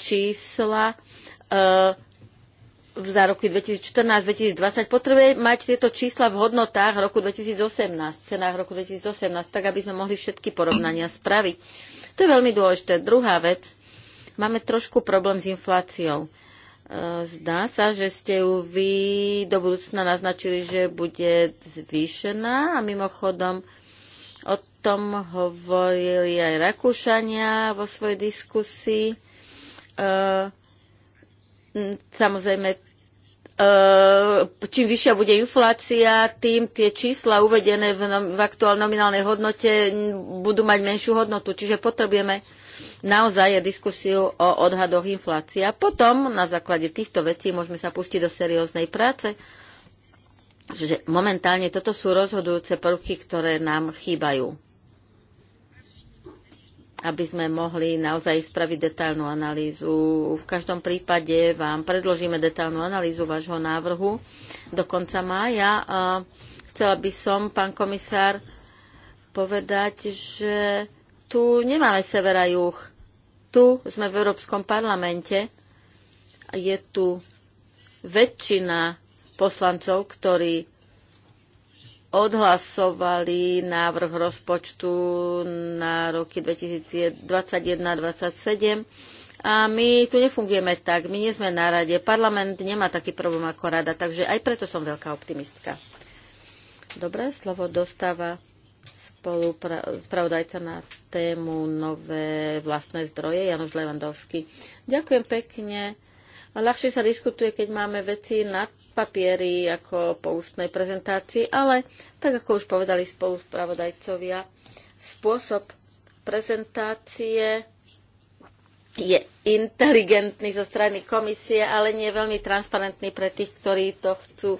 čísla eh, za roky 2014-2020 potrebuje mať tieto čísla v hodnotách roku 2018, v cenách roku 2018, tak aby sme mohli všetky porovnania spraviť to je veľmi dôležité. Druhá vec, máme trošku problém s infláciou. E, zdá sa, že ste ju vy do budúcna naznačili, že bude zvýšená a mimochodom o tom hovorili aj Rakúšania vo svojej diskusii. E, samozrejme, E, čím vyššia bude inflácia, tým tie čísla uvedené v, v aktuálnej nominálnej hodnote budú mať menšiu hodnotu. Čiže potrebujeme naozaj diskusiu o odhadoch inflácie. A potom na základe týchto vecí môžeme sa pustiť do serióznej práce. Že momentálne toto sú rozhodujúce prvky, ktoré nám chýbajú aby sme mohli naozaj spraviť detailnú analýzu. V každom prípade vám predložíme detailnú analýzu vášho návrhu do konca mája. A chcela by som, pán komisár, povedať, že tu nemáme sever a juh. Tu sme v Európskom parlamente. Je tu väčšina poslancov, ktorí odhlasovali návrh rozpočtu na roky 2021-2027. A my tu nefungujeme tak, my nie sme na rade. Parlament nemá taký problém ako rada, takže aj preto som veľká optimistka. Dobre, slovo dostáva spravodajca na tému nové vlastné zdroje, Janoš Levandovský. Ďakujem pekne. Ľahšie sa diskutuje, keď máme veci na papiery ako po ústnej prezentácii, ale tak ako už povedali spravodajcovia, spôsob prezentácie je inteligentný zo strany komisie, ale nie je veľmi transparentný pre tých, ktorí to chcú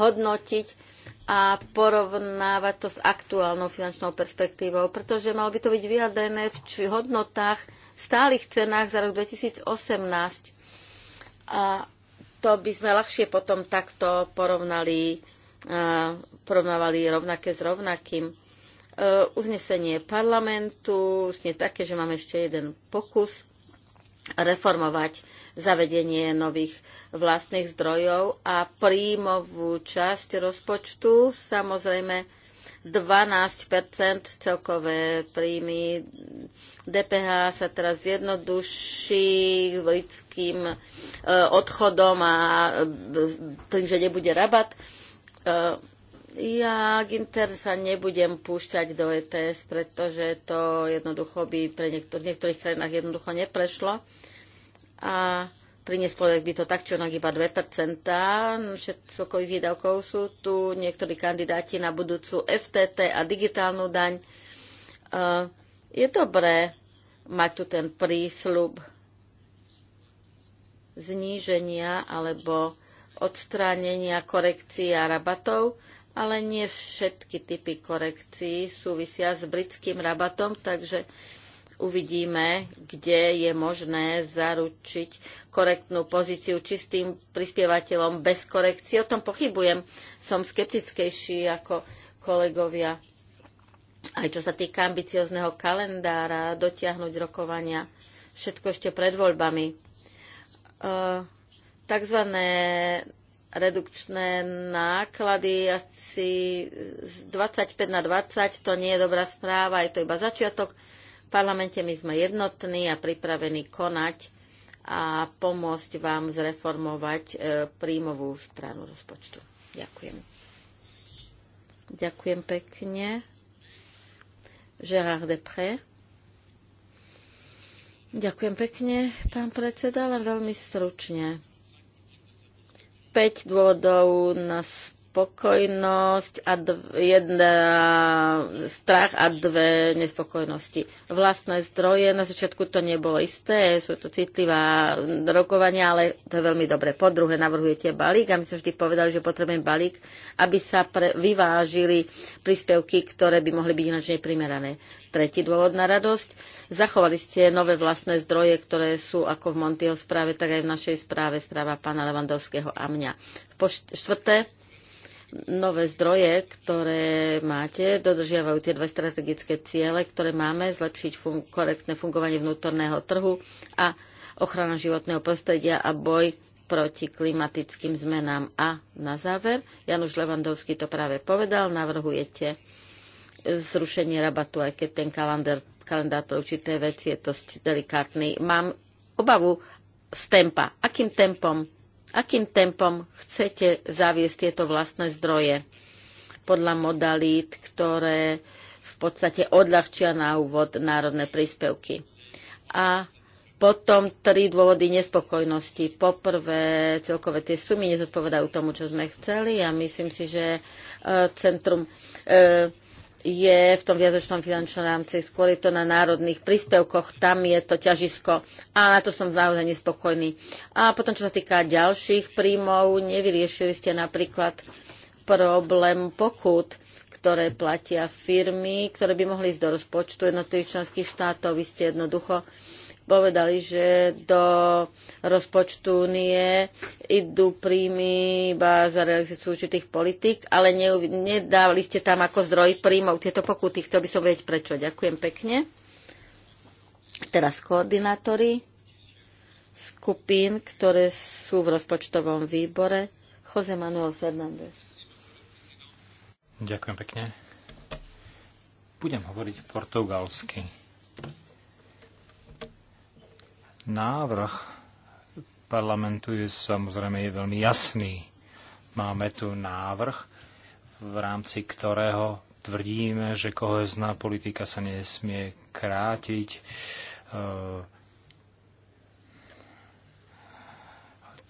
hodnotiť a porovnávať to s aktuálnou finančnou perspektívou, pretože malo by to byť vyjadrené v či hodnotách, v stálych cenách za rok 2018. A to by sme ľahšie potom takto porovnali, porovnávali rovnaké s rovnakým. E, uznesenie parlamentu je také, že máme ešte jeden pokus reformovať zavedenie nových vlastných zdrojov a príjmovú časť rozpočtu. Samozrejme, 12 celkové príjmy. DPH sa teraz zjednoduší lidským e, odchodom a e, tým, že nebude rabat. E, ja Ginter sa nebudem púšťať do ETS, pretože to jednoducho by pre niektor- v niektorých krajinách jednoducho neprešlo. A prinieslo by to tak, čo no, iba 2%. No, Všetkových výdavkov sú tu niektorí kandidáti na budúcu FTT a digitálnu daň. Je dobré mať tu ten prísľub zníženia alebo odstránenia korekcií a rabatov, ale nie všetky typy korekcií súvisia s britským rabatom, takže uvidíme, kde je možné zaručiť korektnú pozíciu čistým prispievateľom bez korekcií. O tom pochybujem. Som skeptickejší ako kolegovia. Aj čo sa týka ambiciozného kalendára, dotiahnuť rokovania, všetko ešte pred voľbami. E, takzvané redukčné náklady asi z 25 na 20, to nie je dobrá správa, je to iba začiatok parlamente my sme jednotní a pripravení konať a pomôcť vám zreformovať e, príjmovú stranu rozpočtu. Ďakujem. Ďakujem pekne. Gérard Depré. Ďakujem pekne, pán predseda, ale veľmi stručne. 5 dôvodov nás spokojnosť a dv, jedna strach a dve nespokojnosti. Vlastné zdroje, na začiatku to nebolo isté, sú to citlivá rokovania, ale to je veľmi dobre. Po druhé, navrhujete balík a my sme vždy povedali, že potrebujem balík, aby sa pre, vyvážili príspevky, ktoré by mohli byť ináč neprimerané. Tretí dôvod na radosť. Zachovali ste nové vlastné zdroje, ktoré sú ako v Montiel správe, tak aj v našej správe správa pána Levandovského a mňa. Po štvrté, nové zdroje, ktoré máte, dodržiavajú tie dve strategické ciele, ktoré máme, zlepšiť fun- korektné fungovanie vnútorného trhu a ochrana životného prostredia a boj proti klimatickým zmenám. A na záver, Januš Levandovský to práve povedal, navrhujete zrušenie rabatu, aj keď ten kalendár, kalendár pre určité veci je dosť delikátny. Mám obavu z tempa. Akým tempom Akým tempom chcete zaviesť tieto vlastné zdroje podľa modalít, ktoré v podstate odľahčia na úvod národné príspevky? A potom tri dôvody nespokojnosti. Poprvé, celkové tie sumy nezodpovedajú tomu, čo sme chceli a myslím si, že eh, Centrum eh, je v tom viacročnom finančnom rámci, skôr je to na národných príspevkoch, tam je to ťažisko a na to som naozaj nespokojný. A potom, čo sa týka ďalších príjmov, nevyriešili ste napríklad problém pokut, ktoré platia firmy, ktoré by mohli ísť do rozpočtu jednotlivých členských štátov. Vy ste jednoducho uh, povedali, že do rozpočtu nie idú príjmy iba za realizáciu určitých politik, ale ne, nedávali ste tam ako zdroj príjmov tieto pokuty. Chcel by som vedieť prečo. Ďakujem pekne. Teraz koordinátori skupín, ktoré sú v rozpočtovom výbore. Jose Manuel Fernández. Ďakujem pekne. Budem hovoriť portugalsky. Návrh parlamentu je samozrejme je veľmi jasný. Máme tu návrh, v rámci ktorého tvrdíme, že kohezná politika sa nesmie krátiť. E,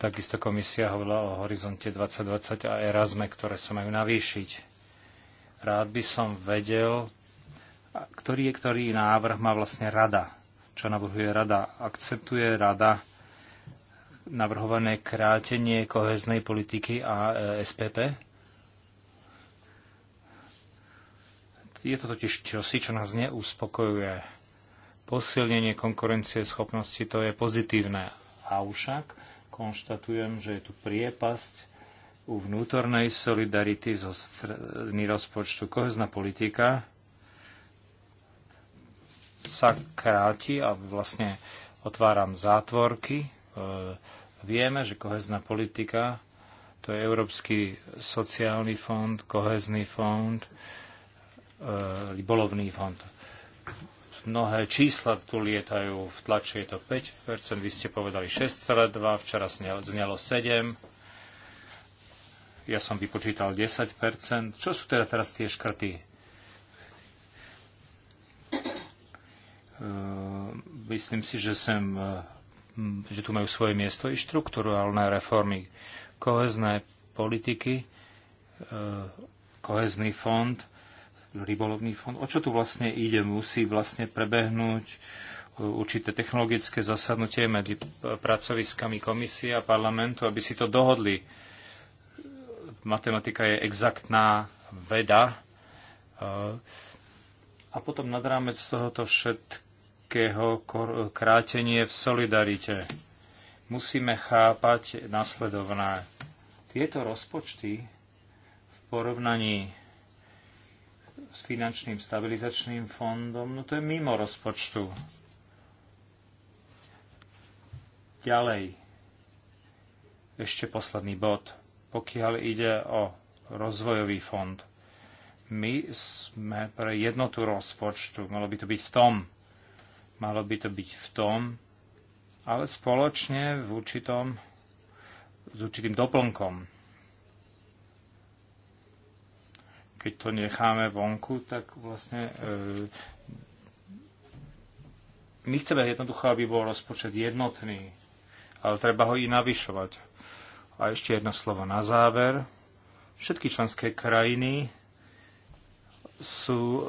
takisto komisia hovorila o horizonte 2020 a Erasme, ktoré sa majú navýšiť. Rád by som vedel, ktorý je ktorý návrh má vlastne rada čo navrhuje rada. Akceptuje rada navrhované krátenie koheznej politiky a e, SPP? Je to totiž čosi, čo nás neuspokojuje. Posilnenie konkurencie schopnosti to je pozitívne. Avšak konštatujem, že je tu priepasť u vnútornej solidarity zo strany rozpočtu. Kohezná politika sa kráti a vlastne otváram zátvorky. E, vieme, že kohezná politika, to je Európsky sociálny fond, kohezný fond, libolovný e, fond. Mnohé čísla tu lietajú, v tlači je to 5%, vy ste povedali 6,2, včera znelo 7, ja som vypočítal 10%. Čo sú teda teraz tie škrty? Eh, myslím si, že, sem, eh, že tu majú svoje miesto i štruktúrálne reformy, kohezné politiky, eh, kohezný fond, rybolovný fond. O čo tu vlastne ide? Musí vlastne prebehnúť určité technologické zasadnutie medzi pracoviskami komisie a parlamentu, aby si to dohodli. Matematika je exaktná veda. A potom nad rámec tohoto všetkého veľkého krátenie v solidarite. Musíme chápať nasledovné. Tieto rozpočty v porovnaní s finančným stabilizačným fondom, no to je mimo rozpočtu. Ďalej, ešte posledný bod. Pokiaľ ide o rozvojový fond, my sme pre jednotu rozpočtu, malo by to byť v tom, Malo by to byť v tom, ale spoločne v určitom, s určitým doplnkom. Keď to necháme vonku, tak vlastne e, my chceme jednoducho, aby bol rozpočet jednotný, ale treba ho i navyšovať. A ešte jedno slovo na záver. Všetky členské krajiny sú e,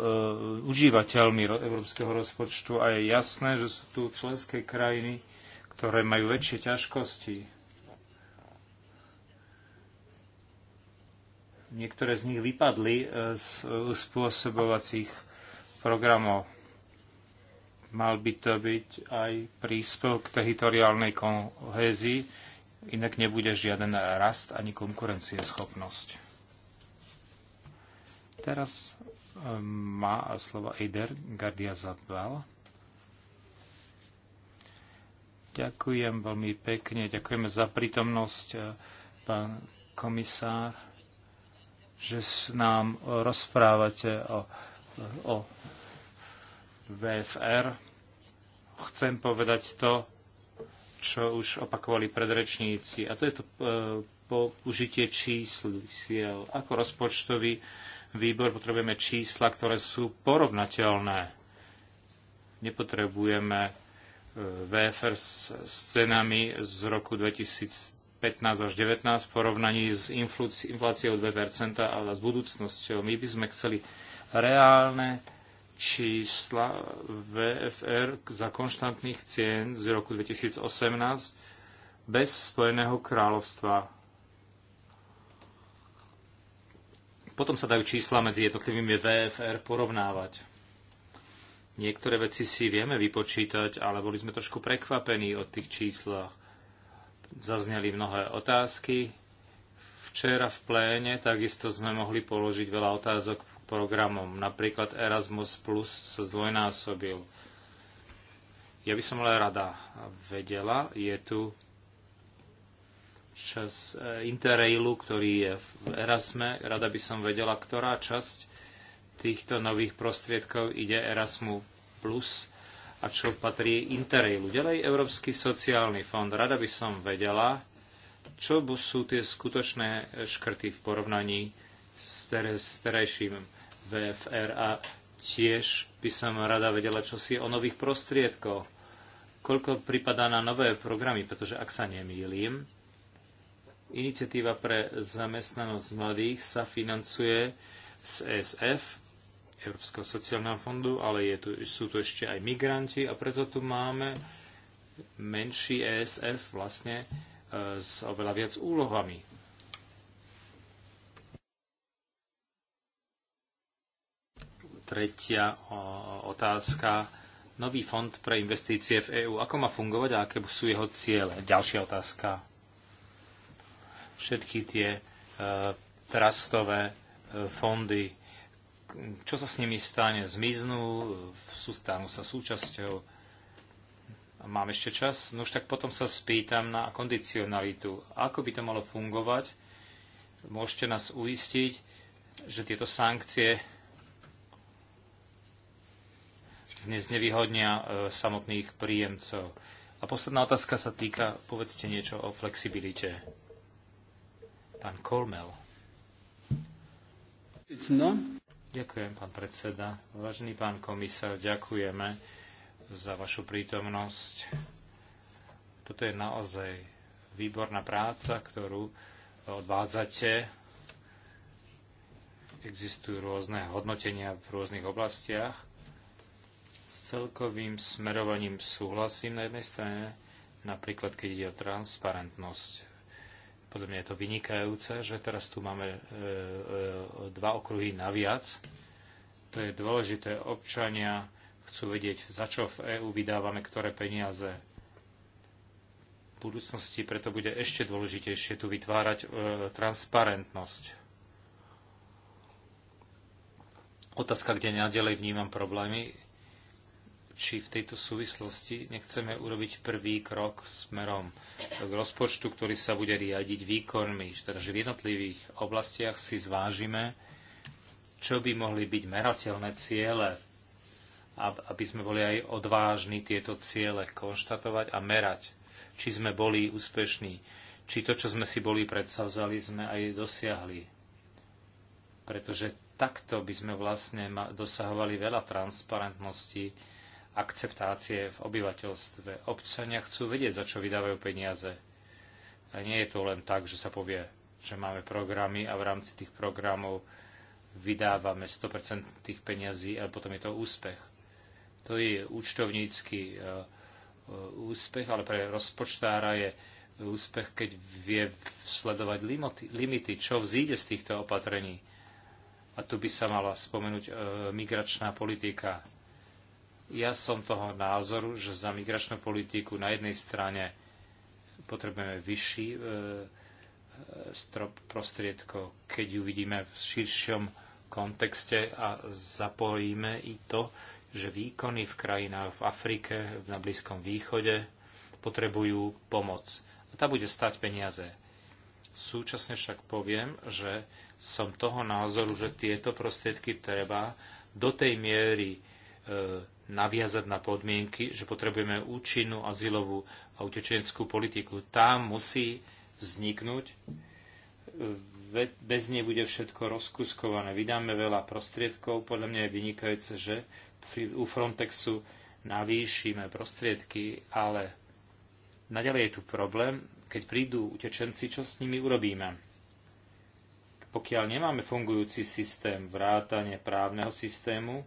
užívateľmi európskeho rozpočtu a je jasné, že sú tu členské krajiny, ktoré majú väčšie ťažkosti. Niektoré z nich vypadli eh, z spôsobovacích eh, programov. Mal by to byť aj príspevok k teritoriálnej kohézii, inak nebude žiaden rast ani konkurencieschopnosť. Teraz má slovo Eider Gardia Zabal. Ďakujem veľmi pekne, ďakujeme za prítomnosť, eh, pán komisár, že nám rozprávate o, o VFR. Chcem povedať to, čo už opakovali predrečníci, a to je to eh, použitie čísliel ako rozpočtový výbor potrebujeme čísla, ktoré sú porovnateľné. Nepotrebujeme e, VFR s, s cenami z roku 2015 až 2019 v porovnaní s infláciou 2% ale s budúcnosťou. My by sme chceli reálne čísla VFR za konštantných cien z roku 2018 bez Spojeného kráľovstva Potom sa dajú čísla medzi jednotlivými VFR porovnávať. Niektoré veci si vieme vypočítať, ale boli sme trošku prekvapení od tých číslach. Zazneli mnohé otázky. Včera v pléne takisto sme mohli položiť veľa otázok programom. Napríklad Erasmus Plus sa zdvojnásobil. Ja by som ale rada vedela, je tu čas e, Interrailu, ktorý je v Erasme. Rada by som vedela, ktorá časť týchto nových prostriedkov ide Erasmu Plus a čo patrí Interrailu. Ďalej Európsky sociálny fond. Rada by som vedela, čo sú tie skutočné škrty v porovnaní s terajším VFR a tiež by som rada vedela, čo si o nových prostriedkoch koľko pripadá na nové programy, pretože ak sa nemýlim, Iniciatíva pre zamestnanosť mladých sa financuje z ESF, Európskeho sociálneho fondu, ale je tu, sú tu ešte aj migranti a preto tu máme menší ESF vlastne e, s oveľa viac úlohami. Tretia o, otázka. Nový fond pre investície v EÚ. Ako má fungovať a aké sú jeho ciele? Ďalšia otázka všetky tie e, trastové e, fondy, čo sa s nimi stane, zmiznú, e, sústanú sa súčasťou. Mám ešte čas? No už tak potom sa spýtam na kondicionalitu. Ako by to malo fungovať? Môžete nás uistiť, že tieto sankcie znevýhodnia samotných príjemcov. A posledná otázka sa týka, povedzte niečo o flexibilite Pán Kolmel. No. Ďakujem, pán predseda. Vážený pán komisár, ďakujeme za vašu prítomnosť. Toto je naozaj výborná práca, ktorú odvádzate. Existujú rôzne hodnotenia v rôznych oblastiach. S celkovým smerovaním súhlasím na jednej strane, napríklad keď ide o transparentnosť podľa mňa je to vynikajúce, že teraz tu máme e, e, dva okruhy naviac. To je dôležité. Občania chcú vedieť, za čo v EÚ vydávame ktoré peniaze. V budúcnosti preto bude ešte dôležitejšie tu vytvárať e, transparentnosť. Otázka, kde nadalej vnímam problémy, či v tejto súvislosti nechceme urobiť prvý krok smerom k rozpočtu, ktorý sa bude riadiť výkonmi. Teda, že v jednotlivých oblastiach si zvážime, čo by mohli byť merateľné ciele, aby sme boli aj odvážni tieto ciele konštatovať a merať, či sme boli úspešní, či to, čo sme si boli predsazali, sme aj dosiahli. Pretože takto by sme vlastne dosahovali veľa transparentnosti, akceptácie v obyvateľstve. Občania chcú vedieť, za čo vydávajú peniaze. A nie je to len tak, že sa povie, že máme programy a v rámci tých programov vydávame 100% tých peniazí a potom je to úspech. To je účtovnícky e, e, úspech, ale pre rozpočtára je úspech, keď vie sledovať limity, čo vzíde z týchto opatrení. A tu by sa mala spomenúť e, migračná politika, ja som toho názoru, že za migračnú politiku na jednej strane potrebujeme vyšší e, e strop prostriedkov, keď ju vidíme v širšom kontexte a zapojíme i to, že výkony v krajinách v Afrike, na Blízkom východe potrebujú pomoc. A tá bude stať peniaze. Súčasne však poviem, že som toho názoru, že tieto prostriedky treba do tej miery e, naviazať na podmienky, že potrebujeme účinnú azylovú a utečenskú politiku. Tá musí vzniknúť. Bez nej bude všetko rozkuskované. Vydáme veľa prostriedkov. Podľa mňa je vynikajúce, že u Frontexu navýšime prostriedky, ale naďalej je tu problém, keď prídu utečenci, čo s nimi urobíme. Pokiaľ nemáme fungujúci systém vrátane právneho systému,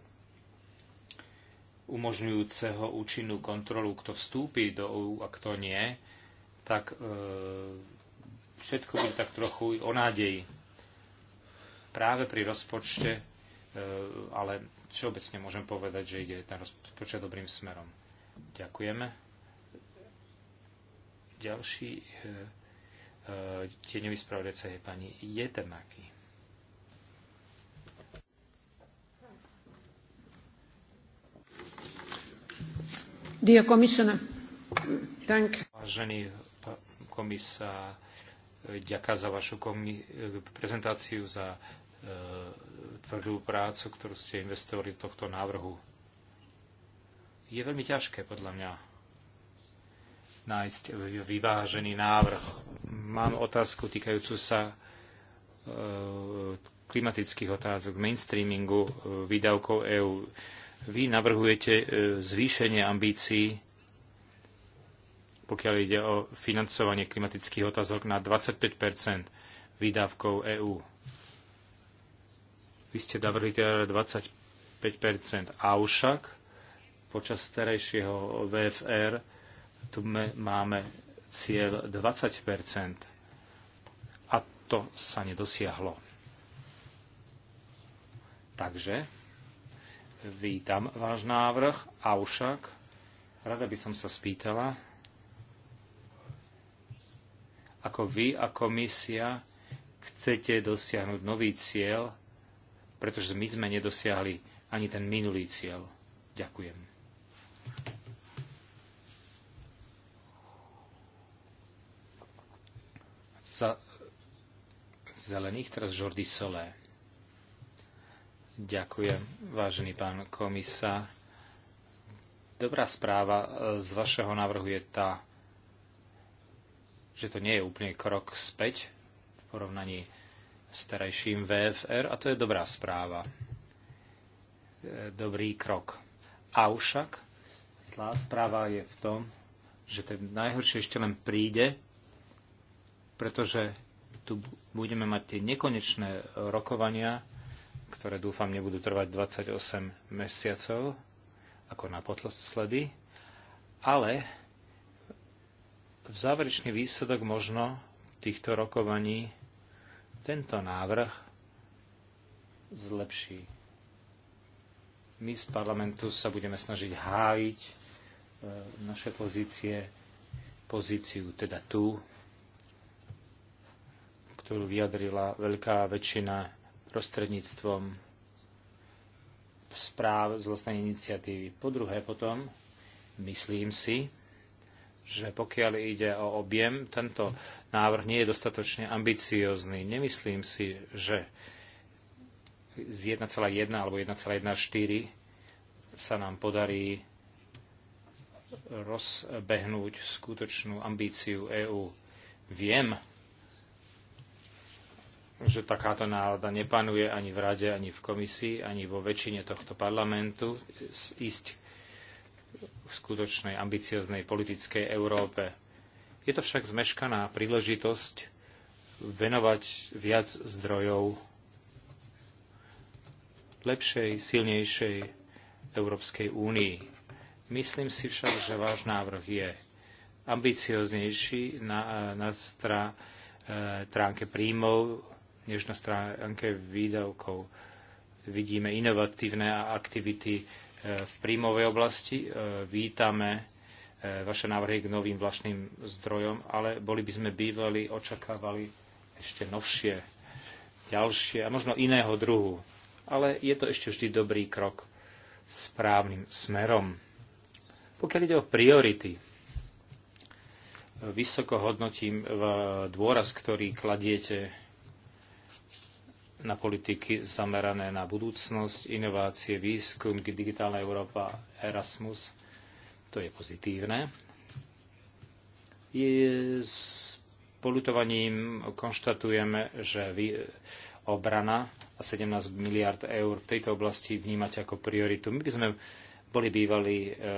umožňujúceho účinnú kontrolu, kto vstúpi do EU a kto nie, tak e, všetko bude tak trochu o nádeji. Práve pri rozpočte, e, ale všeobecne môžem povedať, že ide ten rozpočet dobrým smerom. Ďakujeme. Ďalší e, e, tieňový spravodajca je pani Jetemaki. Dear Commissioner, thank Vážený komisár, ďakujem za vašu prezentáciu, za e, tvrdú prácu, ktorú ste investovali do tohto návrhu. Je veľmi ťažké, podľa mňa, nájsť vyvážený návrh. Mám otázku týkajúcu sa e, klimatických otázok, mainstreamingu e, výdavkov EÚ. Vy navrhujete e, zvýšenie ambícií, pokiaľ ide o financovanie klimatických otázok na 25 výdavkov EÚ. Vy ste navrhli teda 25 avšak počas starejšieho VFR tu máme cieľ 20 a to sa nedosiahlo. Takže Vítam váš návrh, avšak rada by som sa spýtala, ako vy a komisia chcete dosiahnuť nový cieľ, pretože my sme nedosiahli ani ten minulý cieľ. Ďakujem. Za zelených teraz Jordi Solé. Ďakujem, vážený pán komisár. Dobrá správa e, z vašeho návrhu je tá, že to nie je úplne krok späť v porovnaní s terajším VFR a to je dobrá správa. E, dobrý krok. Avšak zlá správa je v tom, že ten najhoršie ešte len príde, pretože tu budeme mať tie nekonečné rokovania, ktoré dúfam nebudú trvať 28 mesiacov, ako na potlsledy, ale v záverečný výsledok možno týchto rokovaní tento návrh zlepší. My z parlamentu sa budeme snažiť hájiť e, naše pozície, pozíciu teda tú, ktorú vyjadrila veľká väčšina prostredníctvom správ z vlastnej iniciatívy. Po druhé potom, myslím si, že pokiaľ ide o objem, tento návrh nie je dostatočne ambiciózny. Nemyslím si, že z 1,1 alebo 1,14 sa nám podarí rozbehnúť skutočnú ambíciu EÚ. Viem, že takáto nálada nepanuje ani v rade, ani v komisii, ani vo väčšine tohto parlamentu ísť v skutočnej ambicioznej politickej Európe. Je to však zmeškaná príležitosť venovať viac zdrojov lepšej, silnejšej Európskej únii. Myslím si však, že váš návrh je ambicioznejší na, na e, stránke príjmov než na stránke výdavkov. Vidíme inovatívne aktivity e, v príjmovej oblasti. E, vítame e, vaše návrhy k novým vlastným zdrojom, ale boli by sme bývali, očakávali ešte novšie, ďalšie a možno iného druhu. Ale je to ešte vždy dobrý krok správnym smerom. Pokiaľ ide o priority, vysoko hodnotím dôraz, ktorý kladiete na politiky zamerané na budúcnosť, inovácie, výskum, digitálna Európa, Erasmus. To je pozitívne. Je, s polutovaním konštatujeme, že obrana a 17 miliard eur v tejto oblasti vnímať ako prioritu. My by sme boli bývali, e, e,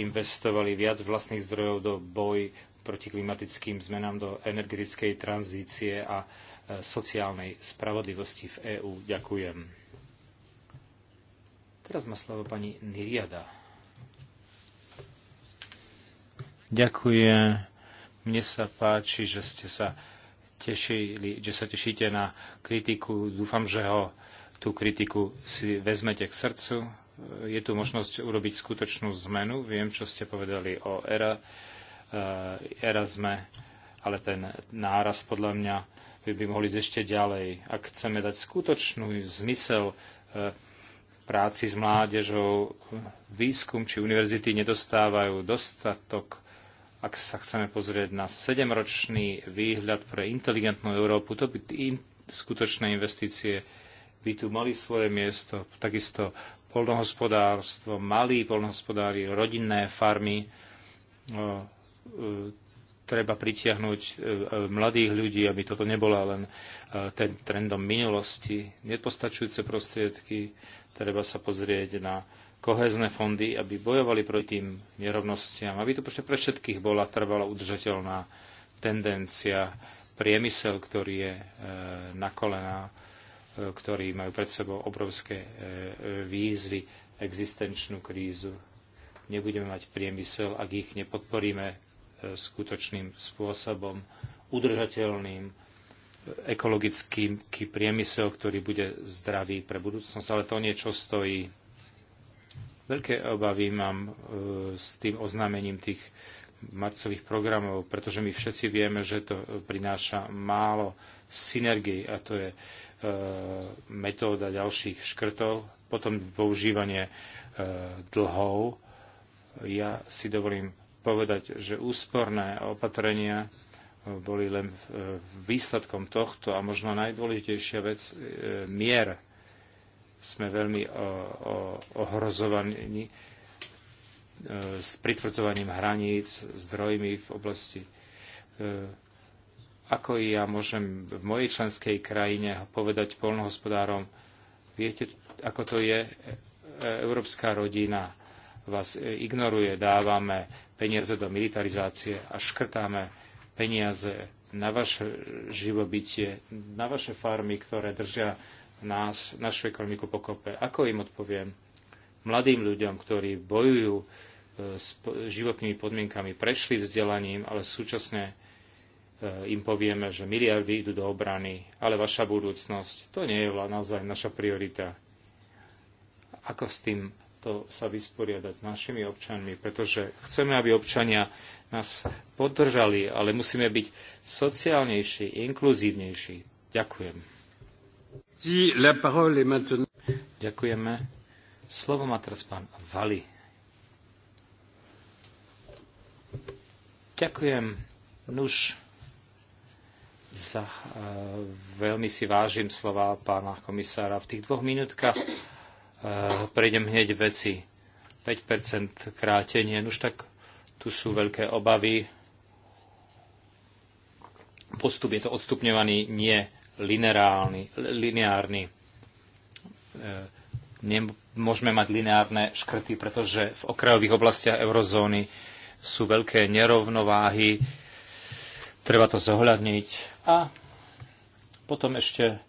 investovali viac vlastných zdrojov do boj proti klimatickým zmenám, do energetickej tranzície a sociálnej spravodlivosti v EÚ. Ďakujem. Teraz má slovo pani Niriada. Ďakujem. Mne sa páči, že ste sa tešili, že sa tešíte na kritiku. Dúfam, že ho tú kritiku si vezmete k srdcu. Je tu možnosť urobiť skutočnú zmenu. Viem, čo ste povedali o ERA, e, Erasme, ale ten náraz podľa mňa by mohli ísť ešte ďalej. Ak chceme dať skutočný zmysel e, práci s mládežou, výskum či univerzity nedostávajú dostatok, ak sa chceme pozrieť na sedemročný výhľad pre inteligentnú Európu, to by in, skutočné investície by tu mali svoje miesto. Takisto polnohospodárstvo, malí polnohospodári, rodinné farmy, e, treba pritiahnuť e, e, mladých ľudí, aby toto nebola len e, ten trendom minulosti, nepostačujúce prostriedky, treba sa pozrieť na kohezné fondy, aby bojovali proti tým nerovnostiam, aby to pre všetkých bola trvala udržateľná tendencia, priemysel, ktorý je na kolená, ktorí majú pred sebou obrovské výzvy, existenčnú krízu. Nebudeme mať priemysel, ak ich nepodporíme skutočným spôsobom udržateľným ekologický priemysel, ktorý bude zdravý pre budúcnosť, ale to niečo stojí. Veľké obavy mám e, s tým oznámením tých marcových programov, pretože my všetci vieme, že to prináša málo synergii a to je e, metóda ďalších škrtov, potom používanie e, dlhov. Ja si dovolím povedať, že úsporné opatrenia boli len e, výsledkom tohto a možno najdôležitejšia vec e, mier. Sme veľmi ohrozovaní e, s pritvrdzovaním hraníc, zdrojmi v oblasti. Ako i ja môžem v mojej členskej krajine povedať polnohospodárom, viete, ako to je, európska rodina vás ignoruje, dávame peniaze do militarizácie a škrtáme peniaze na vaše živobytie, na vaše farmy, ktoré držia nás, našu ekonomiku pokope. Ako im odpoviem? Mladým ľuďom, ktorí bojujú e, s životnými podmienkami, prešli vzdelaním, ale súčasne e, im povieme, že miliardy idú do obrany, ale vaša budúcnosť, to nie je naozaj naša priorita. Ako s tým to sa vysporiadať s našimi občanmi, pretože chceme, aby občania nás podržali, ale musíme byť sociálnejší, inkluzívnejší. Ďakujem. Ďakujeme. Slovo má teraz pán Vali. Ďakujem. Nuž, za, eh, veľmi si vážim slova pána komisára. V tých dvoch minútkach Eh, prejdem hneď veci. 5% krátenie, už tak tu sú veľké obavy. Postup je to odstupňovaný, nie lineárny. lineárny. Eh, Nemôžeme mať lineárne škrty, pretože v okrajových oblastiach eurozóny sú veľké nerovnováhy, treba to zohľadniť. A potom ešte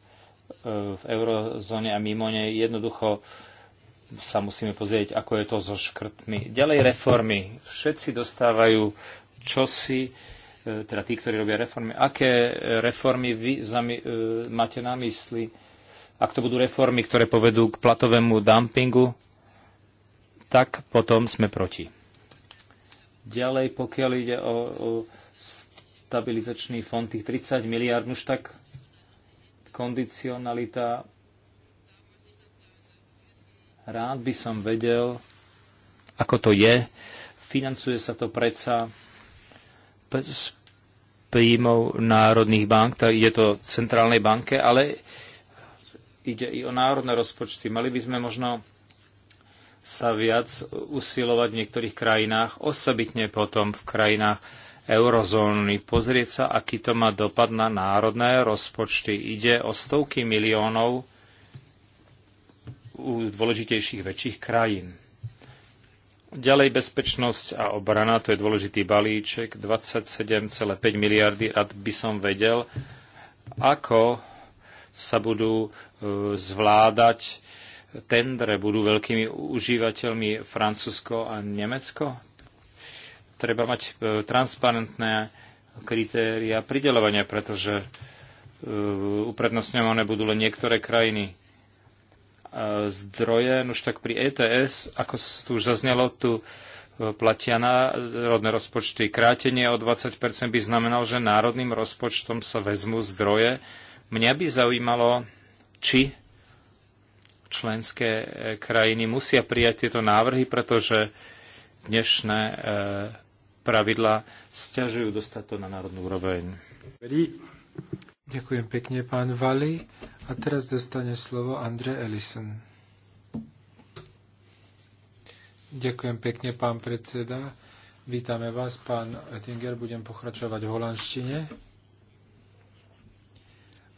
Eh, v eurozóne a mimo nej. Jednoducho sa musíme pozrieť, ako je to so škrtmi. Ďalej reformy. Všetci dostávajú čosi, eh, teda tí, ktorí robia reformy. Aké reformy vy zami, eh, máte na mysli? Ak to budú reformy, ktoré povedú k platovému dumpingu, tak potom sme proti. Ďalej, pokiaľ ide o, o stabilizačný fond tých 30 miliard, už tak kondicionalita. Rád by som vedel, ako to je. Financuje sa to predsa z príjmov národných bank, tak je to centrálnej banke, ale ide i o národné rozpočty. Mali by sme možno sa viac usilovať v niektorých krajinách, osobitne potom v krajinách, eurozóny, pozrieť sa, aký to má dopad na národné rozpočty. Ide o stovky miliónov u dôležitejších väčších krajín. Ďalej bezpečnosť a obrana, to je dôležitý balíček, 27,5 miliardy, rád by som vedel, ako sa budú e, zvládať tendre, budú veľkými užívateľmi Francúzsko a Nemecko? treba mať e, transparentné kritéria prideľovania, pretože e, uprednostňované budú len niektoré krajiny. E, zdroje, už tak pri ETS, ako tu už zaznelo, tu platia národné rozpočty. Krátenie o 20% by znamenalo, že národným rozpočtom sa vezmú zdroje. Mňa by zaujímalo, či členské krajiny musia prijať tieto návrhy, pretože dnešné pravidlá stiažujú dostať to na národnú úroveň. Ďakujem pekne, pán Vali. A teraz dostane slovo Andre Ellison. Ďakujem pekne, pán predseda. Vítame vás, pán Ettinger. Budem pokračovať v holandštine.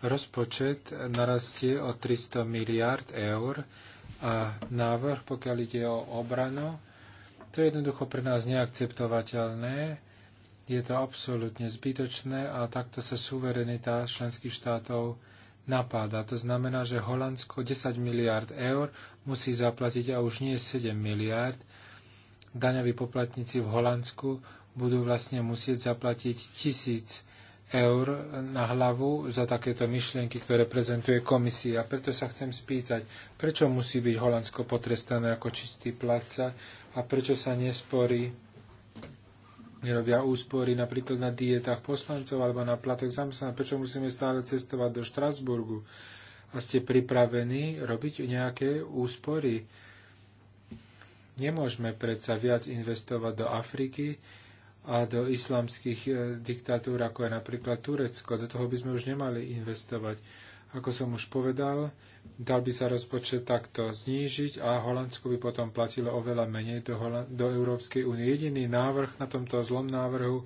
Rozpočet narastie o 300 miliard eur a návrh, pokiaľ ide o obranu, to je jednoducho pre nás neakceptovateľné, je to absolútne zbytočné a takto sa suverenita členských štátov napáda. To znamená, že Holandsko 10 miliard eur musí zaplatiť a už nie 7 miliard. Daňoví poplatníci v Holandsku budú vlastne musieť zaplatiť tisíc eur na hlavu za takéto myšlienky, ktoré prezentuje komisia. Preto sa chcem spýtať, prečo musí byť Holandsko potrestané ako čistý placa a prečo sa nesporí, nerobia úspory napríklad na dietách poslancov alebo na platoch zamestnaných, prečo musíme stále cestovať do Štrasburgu a ste pripravení robiť nejaké úspory. Nemôžeme predsa viac investovať do Afriky, a do islamských e, diktatúr, ako je napríklad Turecko. Do toho by sme už nemali investovať. Ako som už povedal, dal by sa rozpočet takto znížiť a Holandsko by potom platilo oveľa menej do, Holand- do Európskej únie. Jediný návrh na tomto zlom návrhu,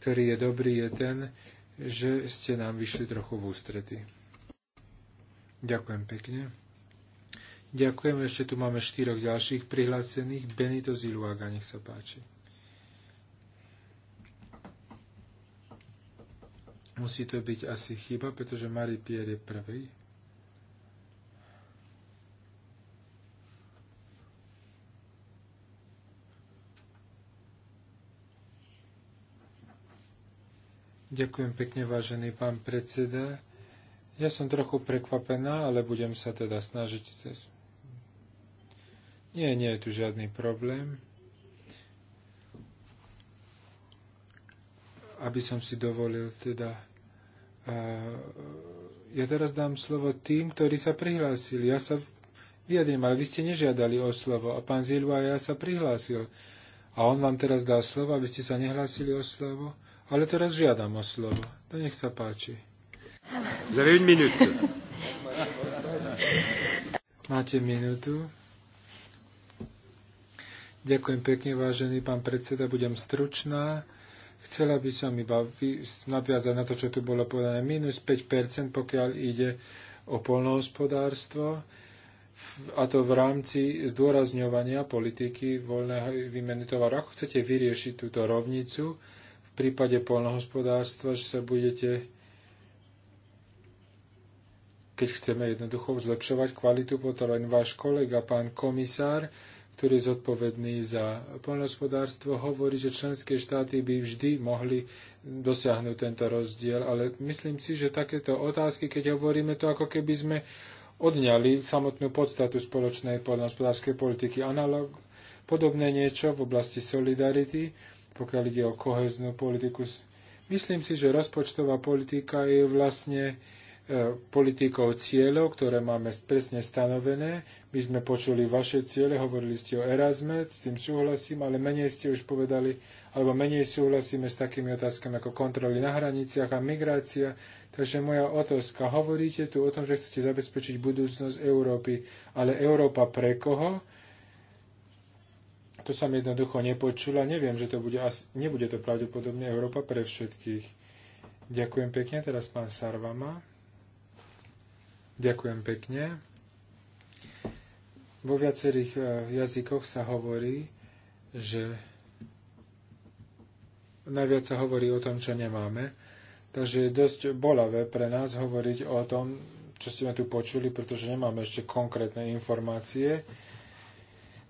ktorý je dobrý, je ten, že ste nám vyšli trochu v ústrety. Ďakujem pekne. Ďakujem, ešte tu máme štyroch ďalších prihlásených. Benito Ziluaga, nech sa páči. Musí to byť asi chyba, pretože Marie Pierre je prvý. Ďakujem pekne, vážený pán predseda. Ja som trochu prekvapená, ale budem sa teda snažiť. Nie, nie je tu žiadny problém. Aby som si dovolil teda ja teraz dám slovo tým, ktorí sa prihlásili. Ja sa vyjadrím, ale vy ste nežiadali o slovo a pán Zilva ja sa prihlásil. A on vám teraz dá slovo, aby ste sa nehlásili o slovo. Ale teraz žiadam o slovo. To nech sa páči. Máte minútu. Ďakujem pekne, vážený pán predseda, budem stručná. Chcela by som iba nadviazať na to, čo tu bolo povedané. Minus 5%, pokiaľ ide o polnohospodárstvo, a to v rámci zdôrazňovania politiky voľného výmeny tovaru. Ako chcete vyriešiť túto rovnicu v prípade polnohospodárstva, že sa budete keď chceme jednoducho zlepšovať kvalitu potravín. Váš kolega, pán komisár, ktorý je zodpovedný za poľnohospodárstvo, hovorí, že členské štáty by vždy mohli dosiahnuť tento rozdiel, ale myslím si, že takéto otázky, keď hovoríme to, ako keby sme odňali samotnú podstatu spoločnej poľnohospodárskej politiky. Analog, podobné niečo v oblasti solidarity, pokiaľ ide o koheznú politiku. Myslím si, že rozpočtová politika je vlastne E, politikou cieľov, ktoré máme presne stanovené. My sme počuli vaše ciele, hovorili ste o Erasme, s tým súhlasím, ale menej ste už povedali, alebo menej súhlasíme s takými otázkami ako kontroly na hraniciach a migrácia. Takže moja otázka, hovoríte tu o tom, že chcete zabezpečiť budúcnosť Európy, ale Európa pre koho? To som jednoducho nepočula, neviem, že to bude, nebude to pravdepodobne Európa pre všetkých. Ďakujem pekne, teraz pán Sarvama. Ďakujem pekne. Vo viacerých e, jazykoch sa hovorí, že najviac sa hovorí o tom, čo nemáme. Takže je dosť bolavé pre nás hovoriť o tom, čo ste ma tu počuli, pretože nemáme ešte konkrétne informácie.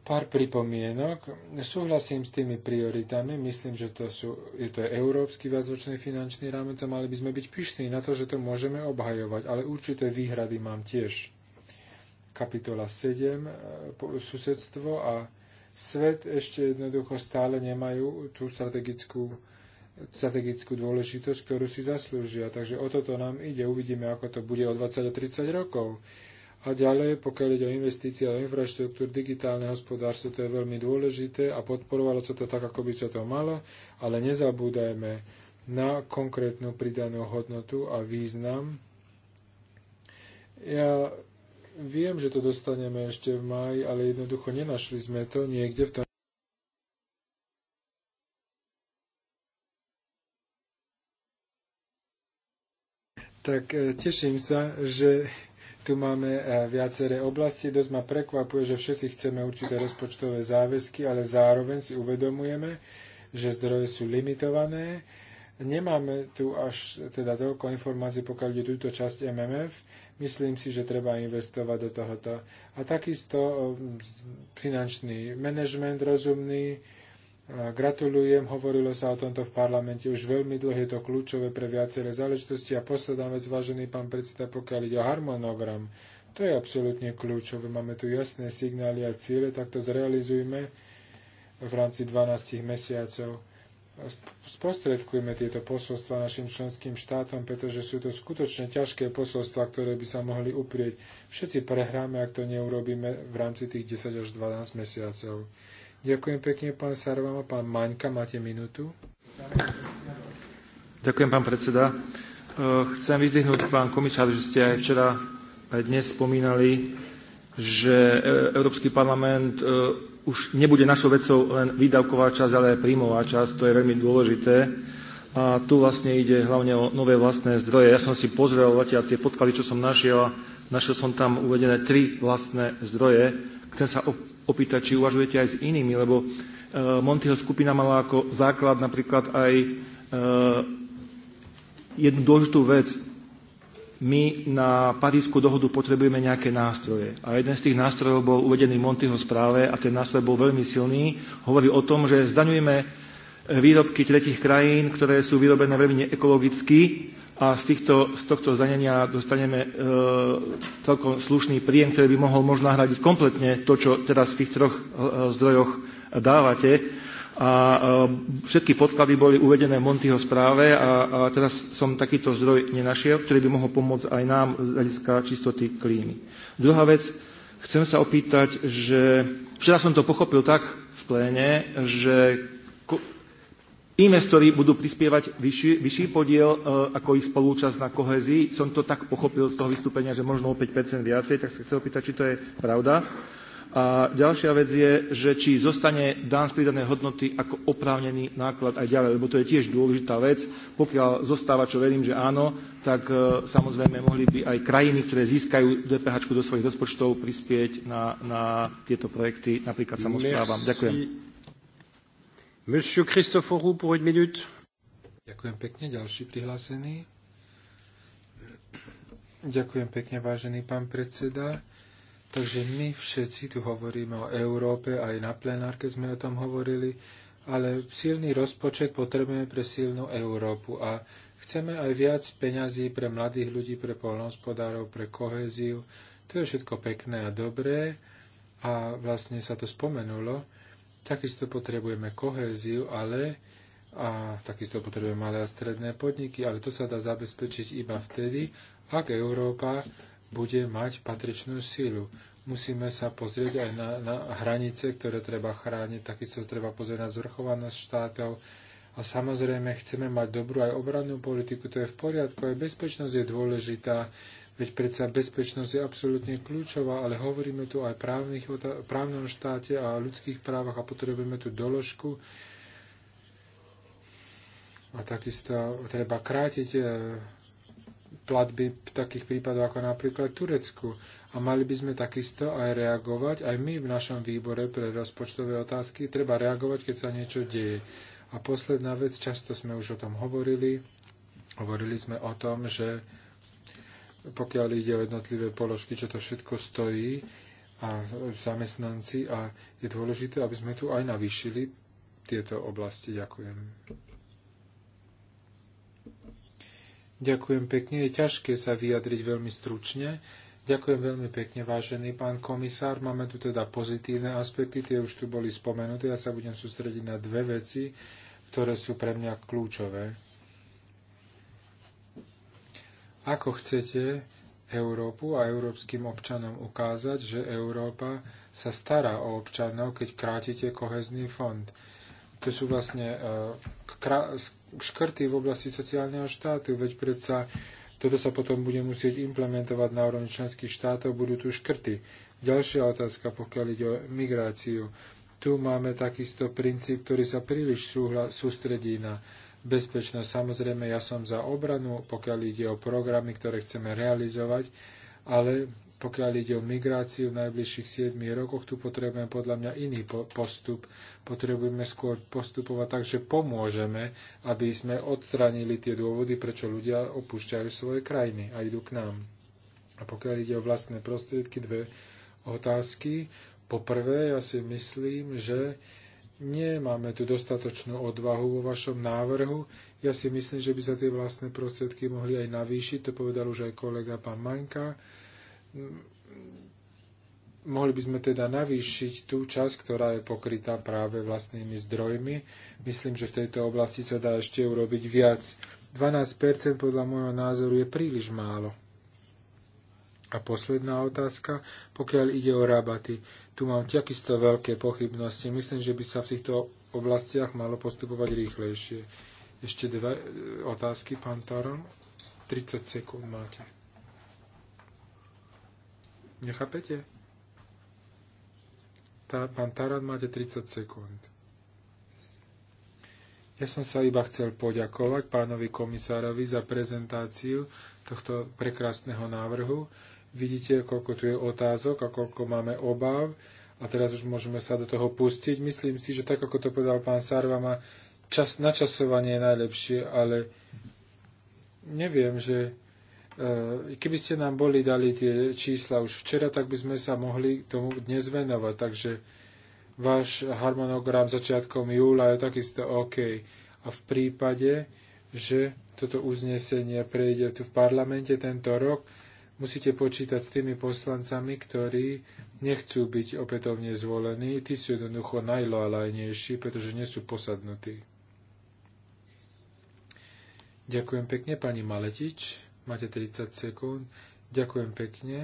Pár pripomienok. Súhlasím s tými prioritami. Myslím, že to, sú, je to európsky viacročný finančný rámec a mali by sme byť pyšní na to, že to môžeme obhajovať. Ale určité výhrady mám tiež. Kapitola 7, e, susedstvo a svet ešte jednoducho stále nemajú tú strategickú strategickú dôležitosť, ktorú si zaslúžia. Takže o toto nám ide. Uvidíme, ako to bude o 20 a 30 rokov. A ďalej, pokiaľ ide o investície do infraštruktúr, digitálne hospodárstvo, to je veľmi dôležité a podporovalo sa to tak, ako by sa to malo, ale nezabúdajme na konkrétnu pridanú hodnotu a význam. Ja viem, že to dostaneme ešte v máji, ale jednoducho nenašli sme to niekde v tom Tak e, teším sa, že tu máme e, viaceré oblasti. Dosť ma prekvapuje, že všetci chceme určité rozpočtové záväzky, ale zároveň si uvedomujeme, že zdroje sú limitované. Nemáme tu až teda toľko informácií, pokiaľ ide túto časť MMF. Myslím si, že treba investovať do tohoto. A takisto e, finančný manažment rozumný, Gratulujem, hovorilo sa o tomto v parlamente už veľmi dlho, je to kľúčové pre viaceré záležitosti. A posledná vec, vážený pán predseda, pokiaľ ide o harmonogram, to je absolútne kľúčové. Máme tu jasné signály a ciele, tak to zrealizujme v rámci 12 mesiacov. Sprostredkujme tieto posolstva našim členským štátom, pretože sú to skutočne ťažké posolstva, ktoré by sa mohli uprieť. Všetci prehráme, ak to neurobíme v rámci tých 10 až 12 mesiacov. Ďakujem pekne, pán Sarvama. Pán Maňka, máte minútu. Ďakujem, pán predseda. E, chcem vyzdvihnúť, pán komisár, že ste aj včera, aj dnes spomínali, že e, Európsky parlament e, už nebude našou vecou len výdavková časť, ale aj príjmová časť. To je veľmi dôležité. A tu vlastne ide hlavne o nové vlastné zdroje. Ja som si pozrel zatiaľ tie podklady, čo som našiel. Našiel som tam uvedené tri vlastné zdroje. Chcem sa opýtať, či uvažujete aj s inými, lebo e, Montyho skupina mala ako základ napríklad aj e, jednu dôležitú vec. My na Parísku dohodu potrebujeme nejaké nástroje. A jeden z tých nástrojov bol uvedený v Montyho správe a ten nástroj bol veľmi silný. Hovorí o tom, že zdaňujeme výrobky tretich krajín, ktoré sú vyrobené veľmi neekologicky a z, týchto, z tohto zdanenia dostaneme e, celkom slušný príjem, ktorý by mohol možno nahradiť kompletne to, čo teraz v tých troch e, zdrojoch dávate. A e, všetky podklady boli uvedené v Montyho správe a, a teraz som takýto zdroj nenašiel, ktorý by mohol pomôcť aj nám z hľadiska čistoty klímy. Druhá vec, chcem sa opýtať, že včera som to pochopil tak v pléne, že investori budú prispievať vyšší, vyšší podiel e, ako ich spolúčasť na kohezii. Som to tak pochopil z toho vystúpenia, že možno o 5% viacej, tak sa chcem opýtať, či to je pravda. A ďalšia vec je, že či zostane dán z pridanej hodnoty ako oprávnený náklad aj ďalej, lebo to je tiež dôležitá vec. Pokiaľ zostáva, čo verím, že áno, tak e, samozrejme mohli by aj krajiny, ktoré získajú DPH do svojich rozpočtov, prispieť na, na tieto projekty, napríklad samozprávam. Ďakujem. Monsieur pour une minute. Ďakujem pekne, ďalší prihlásený. Ďakujem pekne, vážený pán predseda. Takže my všetci tu hovoríme o Európe, aj na plenárke sme o tom hovorili, ale silný rozpočet potrebujeme pre silnú Európu a chceme aj viac peňazí pre mladých ľudí, pre polnohospodárov, pre kohéziu. To je všetko pekné a dobré a vlastne sa to spomenulo Takisto potrebujeme kohéziu, ale a takisto potrebujeme malé a stredné podniky, ale to sa dá zabezpečiť iba vtedy, ak Európa bude mať patričnú sílu. Musíme sa pozrieť aj na, na hranice, ktoré treba chrániť, takisto treba pozrieť na zvrchovanosť štátov, a samozrejme chceme mať dobrú aj obrannú politiku, to je v poriadku, aj bezpečnosť je dôležitá, Veď predsa bezpečnosť je absolútne kľúčová, ale hovoríme tu aj o právnom štáte a ľudských právach a potrebujeme tu doložku. A takisto treba krátiť e, platby v takých prípadoch ako napríklad Turecku. A mali by sme takisto aj reagovať, aj my v našom výbore pre rozpočtové otázky, treba reagovať, keď sa niečo deje. A posledná vec, často sme už o tom hovorili, hovorili sme o tom, že pokiaľ ide o jednotlivé položky, čo to všetko stojí a zamestnanci a je dôležité, aby sme tu aj navýšili tieto oblasti. Ďakujem. Ďakujem pekne. Je ťažké sa vyjadriť veľmi stručne. Ďakujem veľmi pekne, vážený pán komisár. Máme tu teda pozitívne aspekty, tie už tu boli spomenuté. Ja sa budem sústrediť na dve veci, ktoré sú pre mňa kľúčové ako chcete Európu a európskym občanom ukázať, že Európa sa stará o občanov, keď krátite kohezný fond? To sú vlastne e, škrty v oblasti sociálneho štátu, veď predsa toto sa potom bude musieť implementovať na úrovni členských štátov, budú tu škrty. Ďalšia otázka, pokiaľ ide o migráciu. Tu máme takisto princíp, ktorý sa príliš súhla, sústredí na bezpečnosť. Samozrejme, ja som za obranu, pokiaľ ide o programy, ktoré chceme realizovať, ale pokiaľ ide o migráciu v najbližších 7 rokoch, tu potrebujeme podľa mňa iný postup. Potrebujeme skôr postupovať tak, že pomôžeme, aby sme odstranili tie dôvody, prečo ľudia opúšťajú svoje krajiny a idú k nám. A pokiaľ ide o vlastné prostriedky, dve otázky. Poprvé, ja si myslím, že nemáme tu dostatočnú odvahu vo vašom návrhu. Ja si myslím, že by sa tie vlastné prostriedky mohli aj navýšiť, to povedal už aj kolega pán Manka. Mohli by sme teda navýšiť tú časť, ktorá je pokrytá práve vlastnými zdrojmi. Myslím, že v tejto oblasti sa dá ešte urobiť viac. 12% podľa môjho názoru je príliš málo. A posledná otázka, pokiaľ ide o rabaty. Tu mám takisto veľké pochybnosti. Myslím, že by sa v týchto oblastiach malo postupovať rýchlejšie. Ešte dve e, otázky, pán Taron. 30 sekúnd máte. Nechápete? Tá, pán Taran, máte 30 sekúnd. Ja som sa iba chcel poďakovať pánovi komisárovi za prezentáciu tohto prekrásneho návrhu. Vidíte, koľko tu je otázok a koľko máme obáv a teraz už môžeme sa do toho pustiť. Myslím si, že tak, ako to povedal pán Sarvama, čas, načasovanie je najlepšie, ale neviem, že e, keby ste nám boli dali tie čísla už včera, tak by sme sa mohli tomu dnes venovať. Takže váš harmonogram začiatkom júla je takisto OK. A v prípade, že toto uznesenie prejde tu v parlamente tento rok, musíte počítať s tými poslancami, ktorí nechcú byť opätovne zvolení. Tí sú jednoducho najloalajnejší, pretože nie sú posadnutí. Ďakujem pekne, pani Maletič. Máte 30 sekúnd. Ďakujem pekne.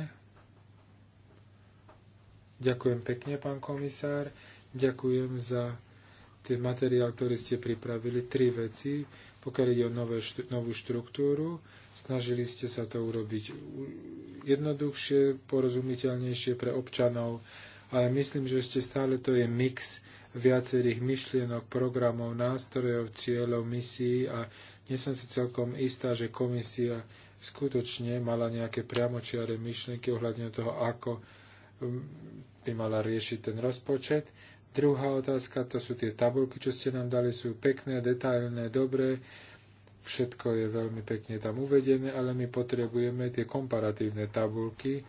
Ďakujem pekne, pán komisár. Ďakujem za ten materiál, ktorý ste pripravili. Tri veci pokiaľ ide o nové, novú štruktúru. Snažili ste sa to urobiť jednoduchšie, porozumiteľnejšie pre občanov, ale myslím, že ešte stále to je mix viacerých myšlienok, programov, nástrojov, cieľov, misií a nie som si celkom istá, že komisia skutočne mala nejaké priamočiare myšlienky ohľadne toho, ako um, by mala riešiť ten rozpočet. Druhá otázka, to sú tie tabulky, čo ste nám dali, sú pekné, detailné, dobré, všetko je veľmi pekne tam uvedené, ale my potrebujeme tie komparatívne tabulky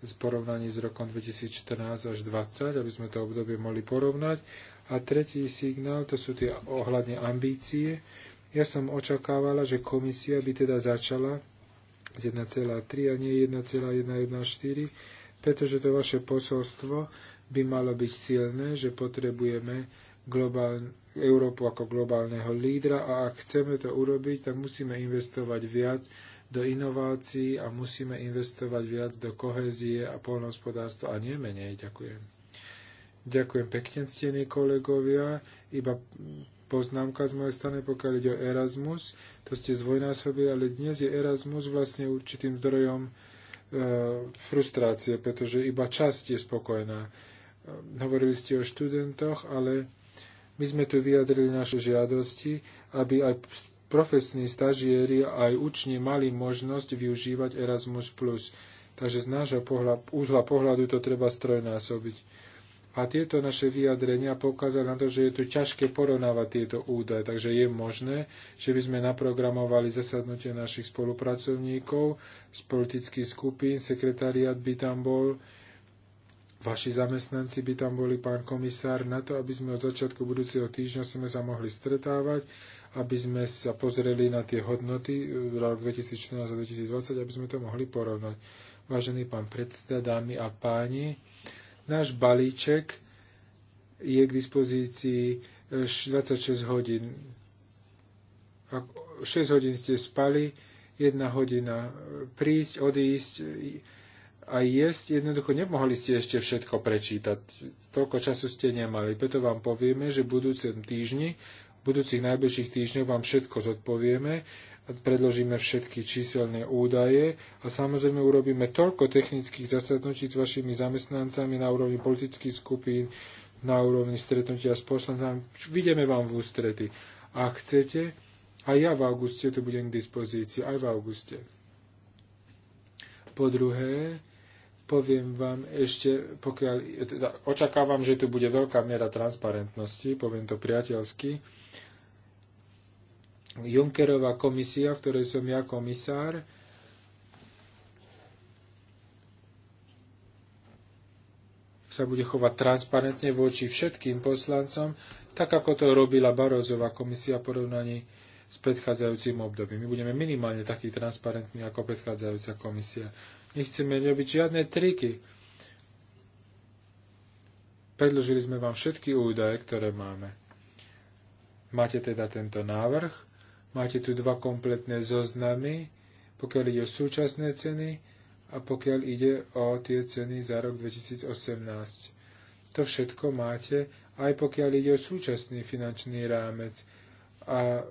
z porovnaní s rokom 2014 až 2020, aby sme to obdobie mohli porovnať. A tretí signál, to sú tie ohľadne ambície. Ja som očakávala, že komisia by teda začala z 1,3 a nie 1,114, pretože to vaše posolstvo by malo byť silné, že potrebujeme globálne, Európu ako globálneho lídra a ak chceme to urobiť, tak musíme investovať viac do inovácií a musíme investovať viac do kohézie a polnohospodárstva a nie menej. Ďakujem. Ďakujem pekne, ctení kolegovia. Iba poznámka z mojej strany, pokiaľ ide o Erasmus. To ste zvojnásobili, ale dnes je Erasmus vlastne určitým zdrojom e, frustrácie, pretože iba časť je spokojná hovorili ste o študentoch, ale my sme tu vyjadrili naše žiadosti, aby aj profesní stažieri a aj učni mali možnosť využívať Erasmus+. Takže z nášho pohľa, úzla pohľadu to treba strojnásobiť. A tieto naše vyjadrenia pokázali na to, že je tu ťažké porovnávať tieto údaje. Takže je možné, že by sme naprogramovali zasadnutie našich spolupracovníkov z politických skupín, sekretariat by tam bol, vaši zamestnanci by tam boli, pán komisár, na to, aby sme od začiatku budúceho týždňa sme sa mohli stretávať, aby sme sa pozreli na tie hodnoty v roku 2014 a 2020, aby sme to mohli porovnať. Vážený pán predseda, dámy a páni, náš balíček je k dispozícii 26 eh, hodín. 6 hodín ste spali, 1 hodina eh, prísť, odísť, a jesť, jednoducho nemohli ste ešte všetko prečítať. Toľko času ste nemali. Preto vám povieme, že v budúcom týždni, v budúcich najbližších týždňoch vám všetko zodpovieme, predložíme všetky číselné údaje a samozrejme urobíme toľko technických zasadnutí s vašimi zamestnancami na úrovni politických skupín, na úrovni stretnutia s poslancami. Vidíme vám v ústrety. A chcete, aj ja v auguste tu budem k dispozícii, aj v auguste. Po druhé, poviem vám ešte, pokiaľ, teda očakávam, že tu bude veľká miera transparentnosti, poviem to priateľsky. Junckerová komisia, v ktorej som ja komisár, sa bude chovať transparentne voči všetkým poslancom, tak ako to robila Barozová komisia v porovnaní s predchádzajúcim obdobím. My budeme minimálne takí transparentní ako predchádzajúca komisia. Nechceme robiť žiadne triky. Predložili sme vám všetky údaje, ktoré máme. Máte teda tento návrh, máte tu dva kompletné zoznamy, pokiaľ ide o súčasné ceny a pokiaľ ide o tie ceny za rok 2018. To všetko máte, aj pokiaľ ide o súčasný finančný rámec. A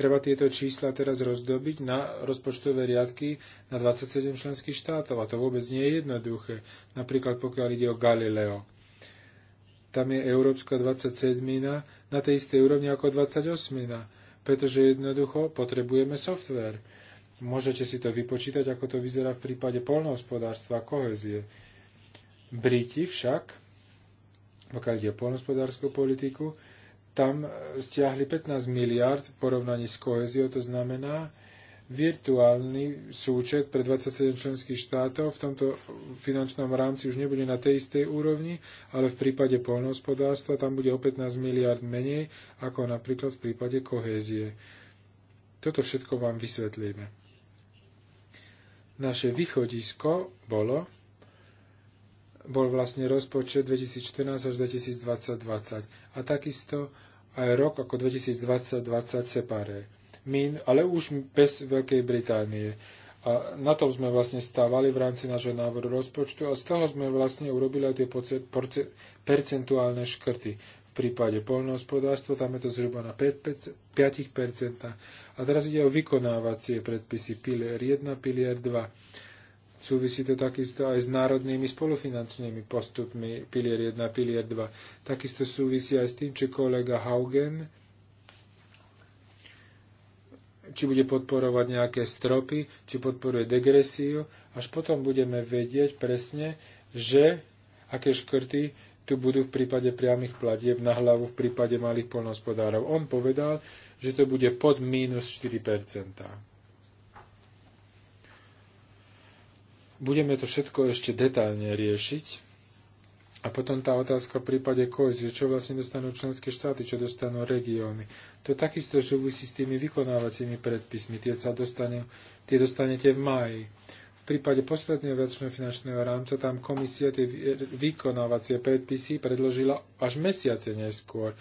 treba tieto čísla teraz rozdobiť na rozpočtové riadky na 27 členských štátov a to vôbec nie je jednoduché. Napríklad pokiaľ ide o Galileo. Tam je Európska 27 na tej istej úrovni ako 28 pretože jednoducho potrebujeme software. Môžete si to vypočítať, ako to vyzerá v prípade polnohospodárstva a kohezie. Briti však, pokiaľ ide o polnohospodárskú politiku, tam e, stiahli 15 miliard v porovnaní s koheziou, to znamená virtuálny súčet pre 27 členských štátov v tomto finančnom rámci už nebude na tej istej úrovni, ale v prípade poľnohospodárstva tam bude o 15 miliard menej ako napríklad v prípade kohézie. Toto všetko vám vysvetlíme. Naše východisko bolo, bol vlastne rozpočet 2014 až 2020 A takisto aj rok ako 2020-2020 separé. Min, ale už bez Veľkej Británie. A na tom sme vlastne stávali v rámci nášho návrhu rozpočtu a z toho sme vlastne urobili aj tie percentuálne škrty. V prípade poľnohospodárstva tam je to zhruba na 5%. A teraz ide o vykonávacie predpisy pilier 1, pilier 2 Súvisí to takisto aj s národnými spolufinančnými postupmi pilier 1, pilier 2. Takisto súvisí aj s tým, či kolega Haugen či bude podporovať nejaké stropy, či podporuje degresiu. Až potom budeme vedieť presne, že aké škrty tu budú v prípade priamých platieb na hlavu v prípade malých polnohospodárov. On povedal, že to bude pod mínus 4 Budeme to všetko ešte detailne riešiť. A potom tá otázka v prípade kohezie, čo vlastne dostanú členské štáty, čo dostanú regióny. To takisto súvisí s tými vykonávacími predpismi. Tie, sa dostane, tie dostanete v máji. V prípade posledného viacného finančného rámca tam komisia tie vykonávacie predpisy predložila až mesiace neskôr.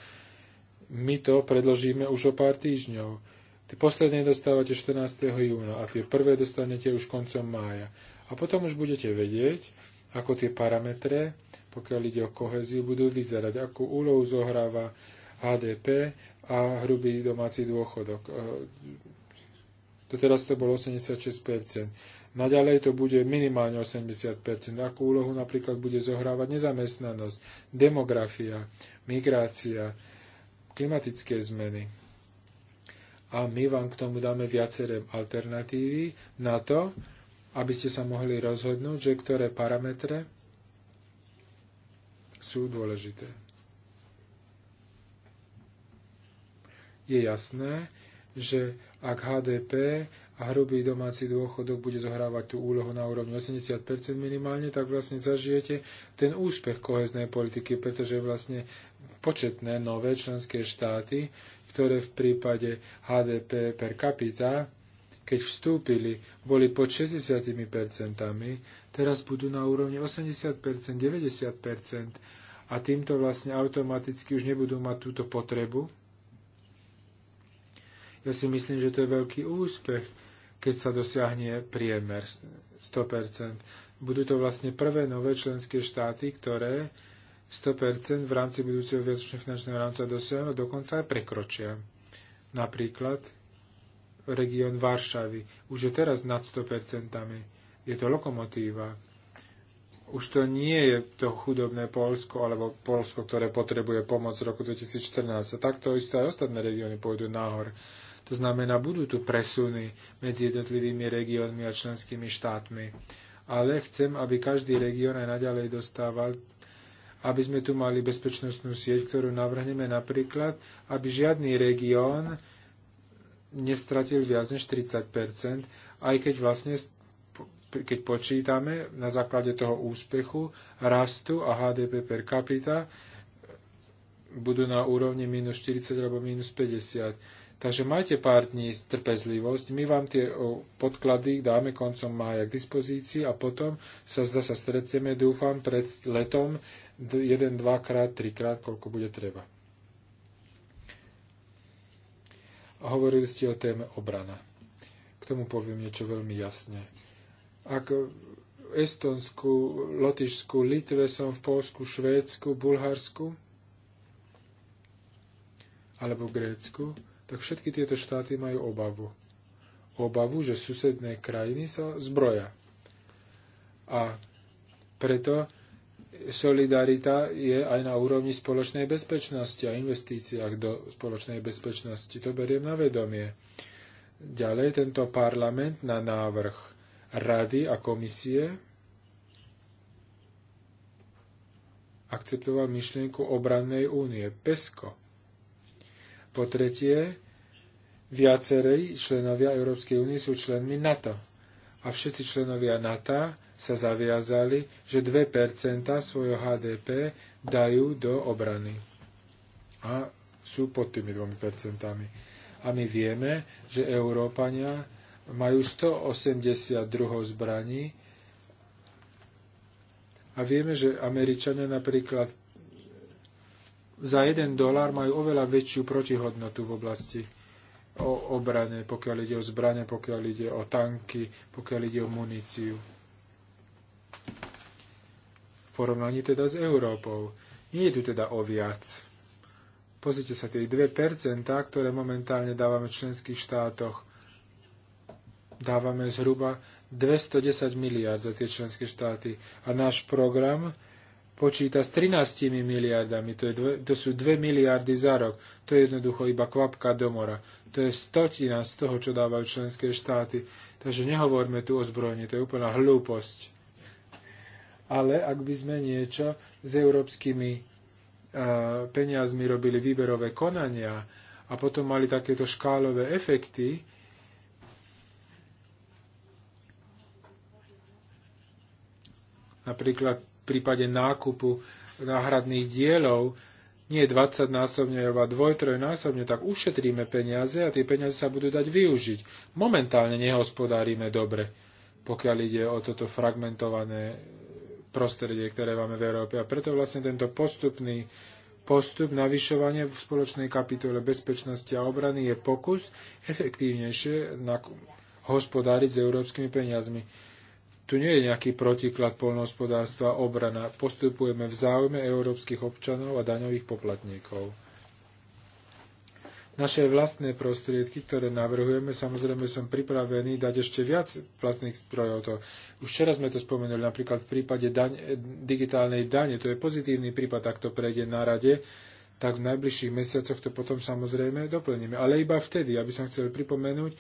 My to predložíme už o pár týždňov. Tie posledné dostávate 14. júna a tie prvé dostanete už koncom mája. A potom už budete vedieť, ako tie parametre, pokiaľ ide o koheziu, budú vyzerať, akú úlohu zohráva HDP a hrubý domáci dôchodok. E, teraz to bolo 86%. Naďalej to bude minimálne 80%. Akú úlohu napríklad bude zohrávať nezamestnanosť, demografia, migrácia, klimatické zmeny. A my vám k tomu dáme viaceré alternatívy na to, aby ste sa mohli rozhodnúť, že ktoré parametre sú dôležité. Je jasné, že ak HDP a hrubý domáci dôchodok bude zohrávať tú úlohu na úrovni 80% minimálne, tak vlastne zažijete ten úspech koheznej politiky, pretože vlastne početné nové členské štáty, ktoré v prípade HDP per capita keď vstúpili, boli pod 60%, teraz budú na úrovni 80%, 90% a týmto vlastne automaticky už nebudú mať túto potrebu. Ja si myslím, že to je veľký úspech, keď sa dosiahne priemer 100%. Budú to vlastne prvé nové členské štáty, ktoré 100% v rámci budúceho viacočného finančného rámca dosiahnu, a dokonca aj prekročia. Napríklad región Varšavy. Už je teraz nad 100%. Je to lokomotíva. Už to nie je to chudobné Polsko, alebo Polsko, ktoré potrebuje pomoc z roku 2014. A takto isto aj ostatné regióny pôjdu nahor. To znamená, budú tu presuny medzi jednotlivými regiónmi a členskými štátmi. Ale chcem, aby každý región aj naďalej dostával aby sme tu mali bezpečnostnú sieť, ktorú navrhneme napríklad, aby žiadny región nestratil viac než 30 aj keď vlastne keď počítame na základe toho úspechu, rastu a HDP per capita eh, budú na úrovni minus 40 alebo minus 50. Takže majte pár dní trpezlivosť, my vám tie podklady dáme koncom mája k dispozícii a potom sa zase stretneme, dúfam, pred letom 1, 2 krát, 3 krát, koľko bude treba. A hovorili ste o téme obrana. K tomu poviem niečo veľmi jasne. Ak v Estonsku, Lotyšsku, Litve som v Polsku, Švédsku, Bulharsku alebo Grécku, tak všetky tieto štáty majú obavu. Obavu, že susedné krajiny sa zbroja. A preto solidarita je aj na úrovni spoločnej bezpečnosti a investíciách do spoločnej bezpečnosti. To beriem na vedomie. Ďalej tento parlament na návrh rady a komisie akceptoval myšlienku obrannej únie PESCO. Po tretie, viacerí členovia Európskej únie sú členmi NATO a všetci členovia NATO sa zaviazali, že 2% svojho HDP dajú do obrany. A sú pod tými 2%. A my vieme, že Európania majú 182 zbraní a vieme, že Američania napríklad za 1 dolár majú oveľa väčšiu protihodnotu v oblasti o obrane, pokiaľ ide o zbrane, pokiaľ ide o tanky, pokiaľ ide o muníciu. V porovnaní teda s Európou. Nie je tu teda o viac. Pozrite sa, tie 2%, ktoré momentálne dávame v členských štátoch, dávame zhruba 210 miliard za tie členské štáty. A náš program počíta s 13 miliardami, to, je dve, to sú 2 miliardy za rok. To je jednoducho iba kvapka do mora. To je stotina z toho, čo dávajú členské štáty. Takže nehovorme tu o zbrojne, to je úplná hlúposť. Ale ak by sme niečo s európskymi uh, peniazmi robili výberové konania a potom mali takéto škálové efekty, napríklad prípade nákupu náhradných dielov, nie 20 násobne, ale 2 násobne, tak ušetríme peniaze a tie peniaze sa budú dať využiť. Momentálne nehospodárime dobre, pokiaľ ide o toto fragmentované prostredie, ktoré máme v Európe. A preto vlastne tento postupný postup navyšovania v spoločnej kapitole bezpečnosti a obrany je pokus efektívnejšie na hospodáriť s európskymi peniazmi tu nie je nejaký protiklad polnohospodárstva a obrana. Postupujeme v záujme európskych občanov a daňových poplatníkov. Naše vlastné prostriedky, ktoré navrhujeme, samozrejme som pripravený dať ešte viac vlastných zdrojov. už včera sme to spomenuli napríklad v prípade daň, digitálnej dane. To je pozitívny prípad, ak to prejde na rade tak v najbližších mesiacoch to potom samozrejme doplníme. Ale iba vtedy, aby som chcel pripomenúť,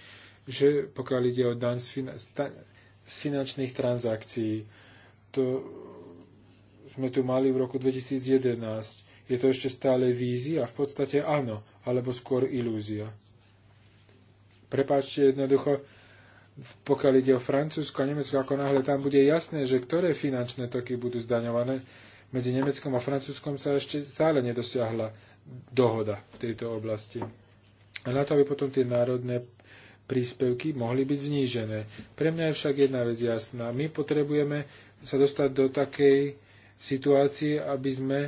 že pokiaľ ide o daň z, finan- z finančných transakcií. To sme tu mali v roku 2011. Je to ešte stále vízia? V podstate áno, alebo skôr ilúzia. Prepáčte jednoducho, pokiaľ ide o Francúzsko a Nemecko, ako náhle tam bude jasné, že ktoré finančné toky budú zdaňované, medzi Nemeckom a Francúzskom sa ešte stále nedosiahla dohoda v tejto oblasti. A na to, aby potom tie národné príspevky mohli byť znížené. Pre mňa je však jedna vec jasná. My potrebujeme sa dostať do takej situácie, aby sme,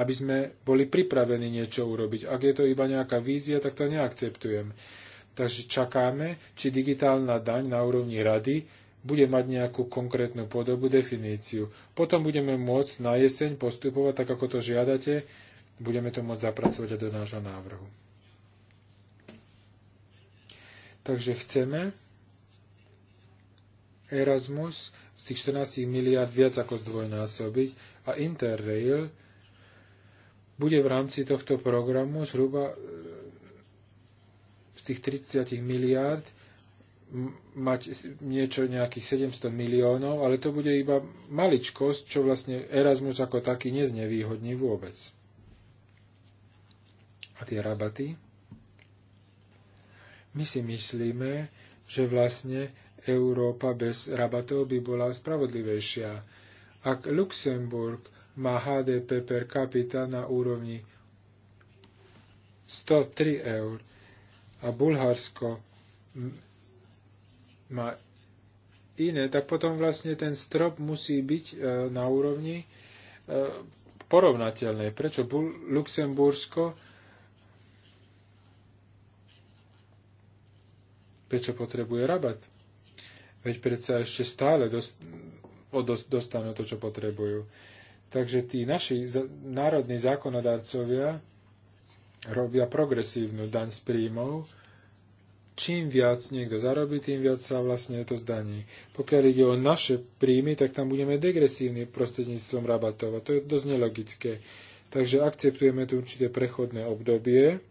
aby sme boli pripravení niečo urobiť. Ak je to iba nejaká vízia, tak to neakceptujem. Takže čakáme, či digitálna daň na úrovni rady bude mať nejakú konkrétnu podobu, definíciu. Potom budeme môcť na jeseň postupovať tak, ako to žiadate, budeme to môcť zapracovať aj do nášho návrhu. Takže chceme Erasmus z tých 14 miliard viac ako zdvojnásobiť a Interrail bude v rámci tohto programu zhruba e, z tých 30 miliard mať niečo nejakých 700 miliónov, ale to bude iba maličkosť, čo vlastne Erasmus ako taký neznevýhodní vôbec. A tie rabaty? My si myslíme, že vlastne Európa bez rabatov by bola spravodlivejšia. Ak Luxemburg má HDP per capita na úrovni 103 eur a Bulharsko má iné, tak potom vlastne ten strop musí byť e, na úrovni e, porovnateľnej. Prečo Luxembursko prečo potrebuje rabat? Veď predsa ešte stále dostanú to, čo potrebujú. Takže tí naši národní zákonodarcovia robia progresívnu daň z príjmov. Čím viac niekto zarobí, tým viac sa vlastne to zdaní. Pokiaľ ide o naše príjmy, tak tam budeme degresívni prostredníctvom rabatov. A to je dosť nelogické. Takže akceptujeme tu určité prechodné obdobie,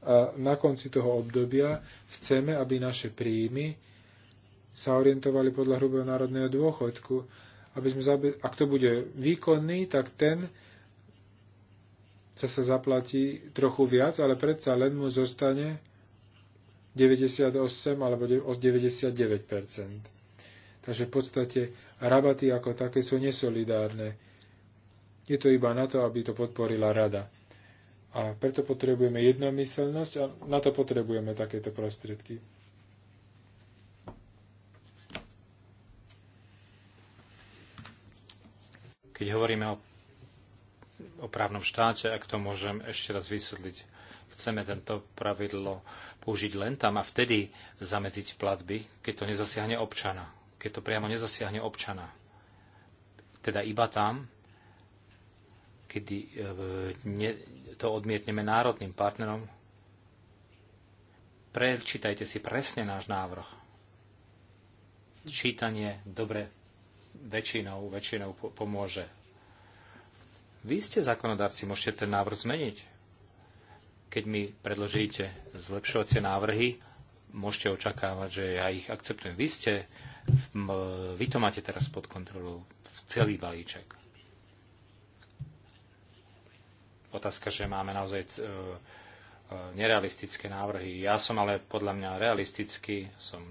a na konci toho obdobia chceme, aby naše príjmy sa orientovali podľa hrubého národného dôchodku. Aby sme zabe- Ak to bude výkonný, tak ten sa sa zaplatí trochu viac, ale predsa len mu zostane 98 alebo 99 Takže v podstate rabaty ako také sú nesolidárne. Je to iba na to, aby to podporila rada. A preto potrebujeme jednomyselnosť a na to potrebujeme takéto prostriedky. Keď hovoríme o, o právnom štáte, ak to môžem ešte raz vysvetliť, chceme tento pravidlo použiť len tam a vtedy zamedziť platby, keď to nezasiahne občana. Keď to priamo nezasiahne občana. Teda iba tam, kedy e, to odmietneme národným partnerom. Prečítajte si presne náš návrh. Čítanie dobre väčšinou, väčšinou pomôže. Vy ste zákonodárci, môžete ten návrh zmeniť. Keď mi predložíte zlepšovacie návrhy, môžete očakávať, že ja ich akceptujem. Vy ste, vy to máte teraz pod kontrolou, celý balíček otázka, že máme naozaj e, e, nerealistické návrhy. Ja som ale podľa mňa realistický, som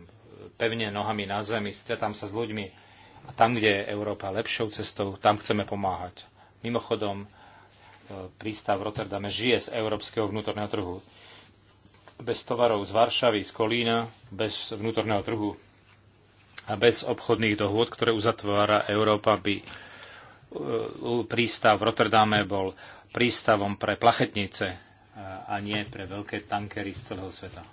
pevne nohami na zemi, stretám sa s ľuďmi a tam, kde je Európa lepšou cestou, tam chceme pomáhať. Mimochodom, e, prístav v Rotterdame žije z európskeho vnútorného trhu. Bez tovarov z Varšavy, z Kolína, bez vnútorného trhu a bez obchodných dohôd, ktoré uzatvára Európa, by prístav v Rotterdame bol prístavom pre plachetnice a nie pre veľké tankery z celého sveta.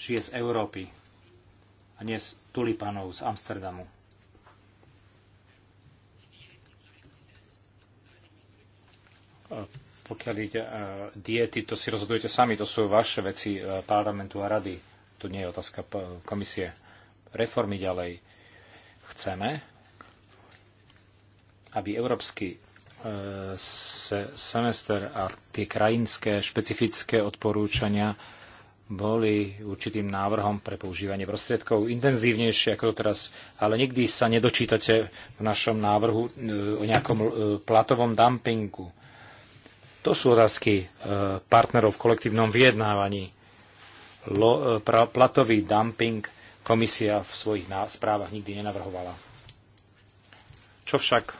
Žije z Európy a nie z tulipanov z Amsterdamu. Pokiaľ ide diety, to si rozhodujete sami, to sú vaše veci e, parlamentu a rady. To nie je otázka e, komisie. Reformy ďalej chceme, aby európsky e, semester a tie krajinské špecifické odporúčania boli určitým návrhom pre používanie prostriedkov intenzívnejšie ako teraz, ale nikdy sa nedočítate v našom návrhu e, o nejakom e, platovom dumpingu. To sú otázky partnerov v kolektívnom vyjednávaní. Platový dumping komisia v svojich správach nikdy nenavrhovala. Čo však eh,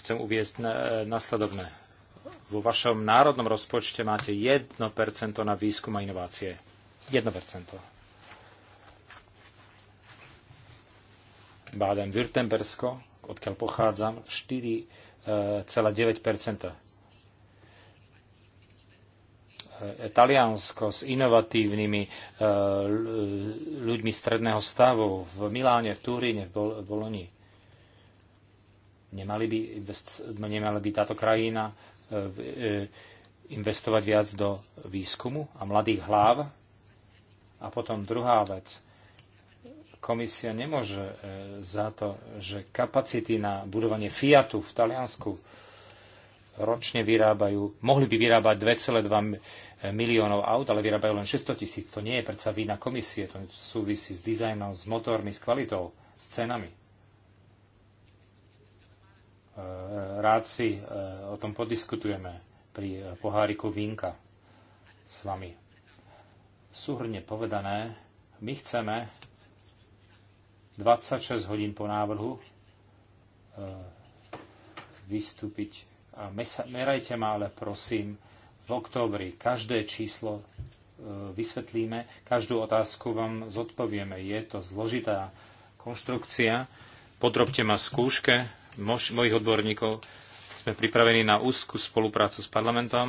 chcem uviezť eh, nasledovné. Vo vašom národnom rozpočte máte 1% na výskum a inovácie. 1%. Baden-Württembersko, odkiaľ pochádzam, 4,9%. E, Taliansko s inovatívnymi e, ľuďmi stredného stavu v Miláne, v Turíne, v Bol Boloni. Nemali by, nemala by táto krajina e, investovať viac do výskumu a mladých hlav? A potom druhá vec. Komisia nemôže za to, že kapacity na budovanie Fiatu v Taliansku ročne vyrábajú, mohli by vyrábať 2,2 miliónov aut, ale vyrábajú len 600 tisíc. To nie je predsa vina komisie, to súvisí s dizajnom, s motormi, s kvalitou, s cenami. E, rád si e, o tom podiskutujeme pri e, poháriku vínka s vami. Súhrne povedané, my chceme 26 hodín po návrhu vystúpiť merajte ma ale prosím v októbri. Každé číslo e, vysvetlíme, každú otázku vám zodpovieme. Je to zložitá konštrukcia. Podrobte ma skúške mož, mojich odborníkov. Sme pripravení na úzku spoluprácu s parlamentom.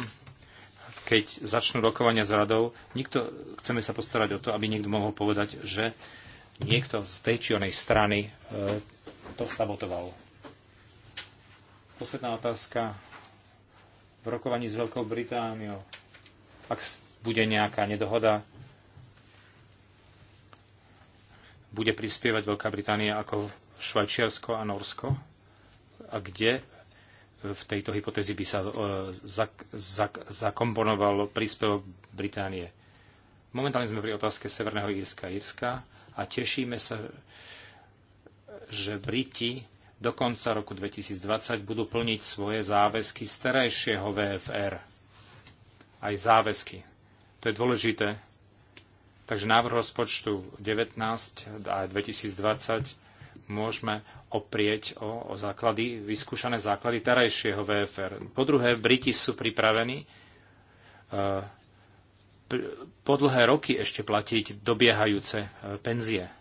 Keď začnú rokovania s radou, nikto, chceme sa postarať o to, aby niekto mohol povedať, že niekto z tej či onej strany e, to sabotoval. Posledná otázka. V rokovaní s Veľkou Britániou, ak bude nejaká nedohoda, bude prispievať Veľká Británia ako Švajčiarsko a Norsko? A kde v tejto hypotézi by sa e, zakomponoval za, zakomponoval príspevok Británie? Momentálne sme pri otázke Severného Írska a Írska a tešíme sa, že Briti do konca roku 2020 budú plniť svoje záväzky z terajšieho VFR. Aj záväzky. To je dôležité. Takže návrh rozpočtu 19 a 2020 môžeme oprieť o, o základy, vyskúšané základy terajšieho VFR. Po druhé, Briti sú pripravení e, po dlhé roky ešte platiť dobiehajúce e, penzie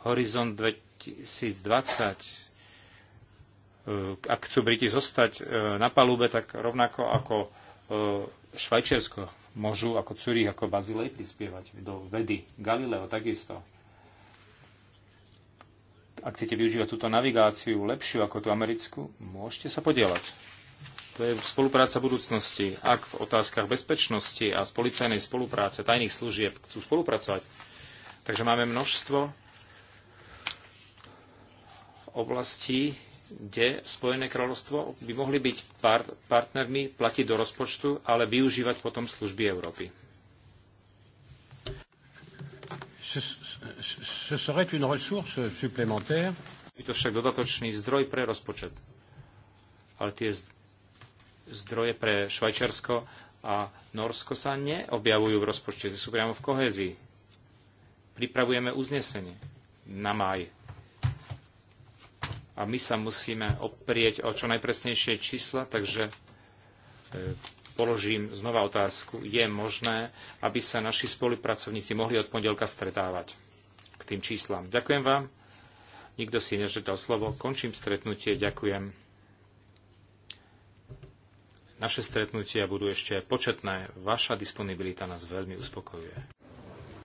Horizont 2020, eh, ak chcú Briti zostať eh, na palube, tak rovnako ako eh, Švajčiarsko môžu ako Curych, ako Bazilej prispievať do vedy. Galileo takisto. Ak chcete využívať túto navigáciu lepšiu ako tú americkú, môžete sa podielať. To je spolupráca budúcnosti. Ak v otázkach bezpečnosti a policajnej spolupráce, tajných služieb chcú spolupracovať, takže máme množstvo oblastí, kde Spojené kráľovstvo by mohli byť par partnermi, platiť do rozpočtu, ale využívať potom služby Európy. Je to však dodatočný zdroj pre rozpočet. Ale tie zdroje pre Švajčiarsko a Norsko sa neobjavujú v rozpočte, sú priamo v kohézii. Pripravujeme uznesenie na maj a my sa musíme oprieť o čo najpresnejšie čísla, takže e, položím znova otázku. Je možné, aby sa naši spolupracovníci mohli od pondelka stretávať k tým číslam? Ďakujem vám. Nikto si nežetal slovo. Končím stretnutie. Ďakujem. Naše stretnutia budú ešte početné. Vaša disponibilita nás veľmi uspokojuje.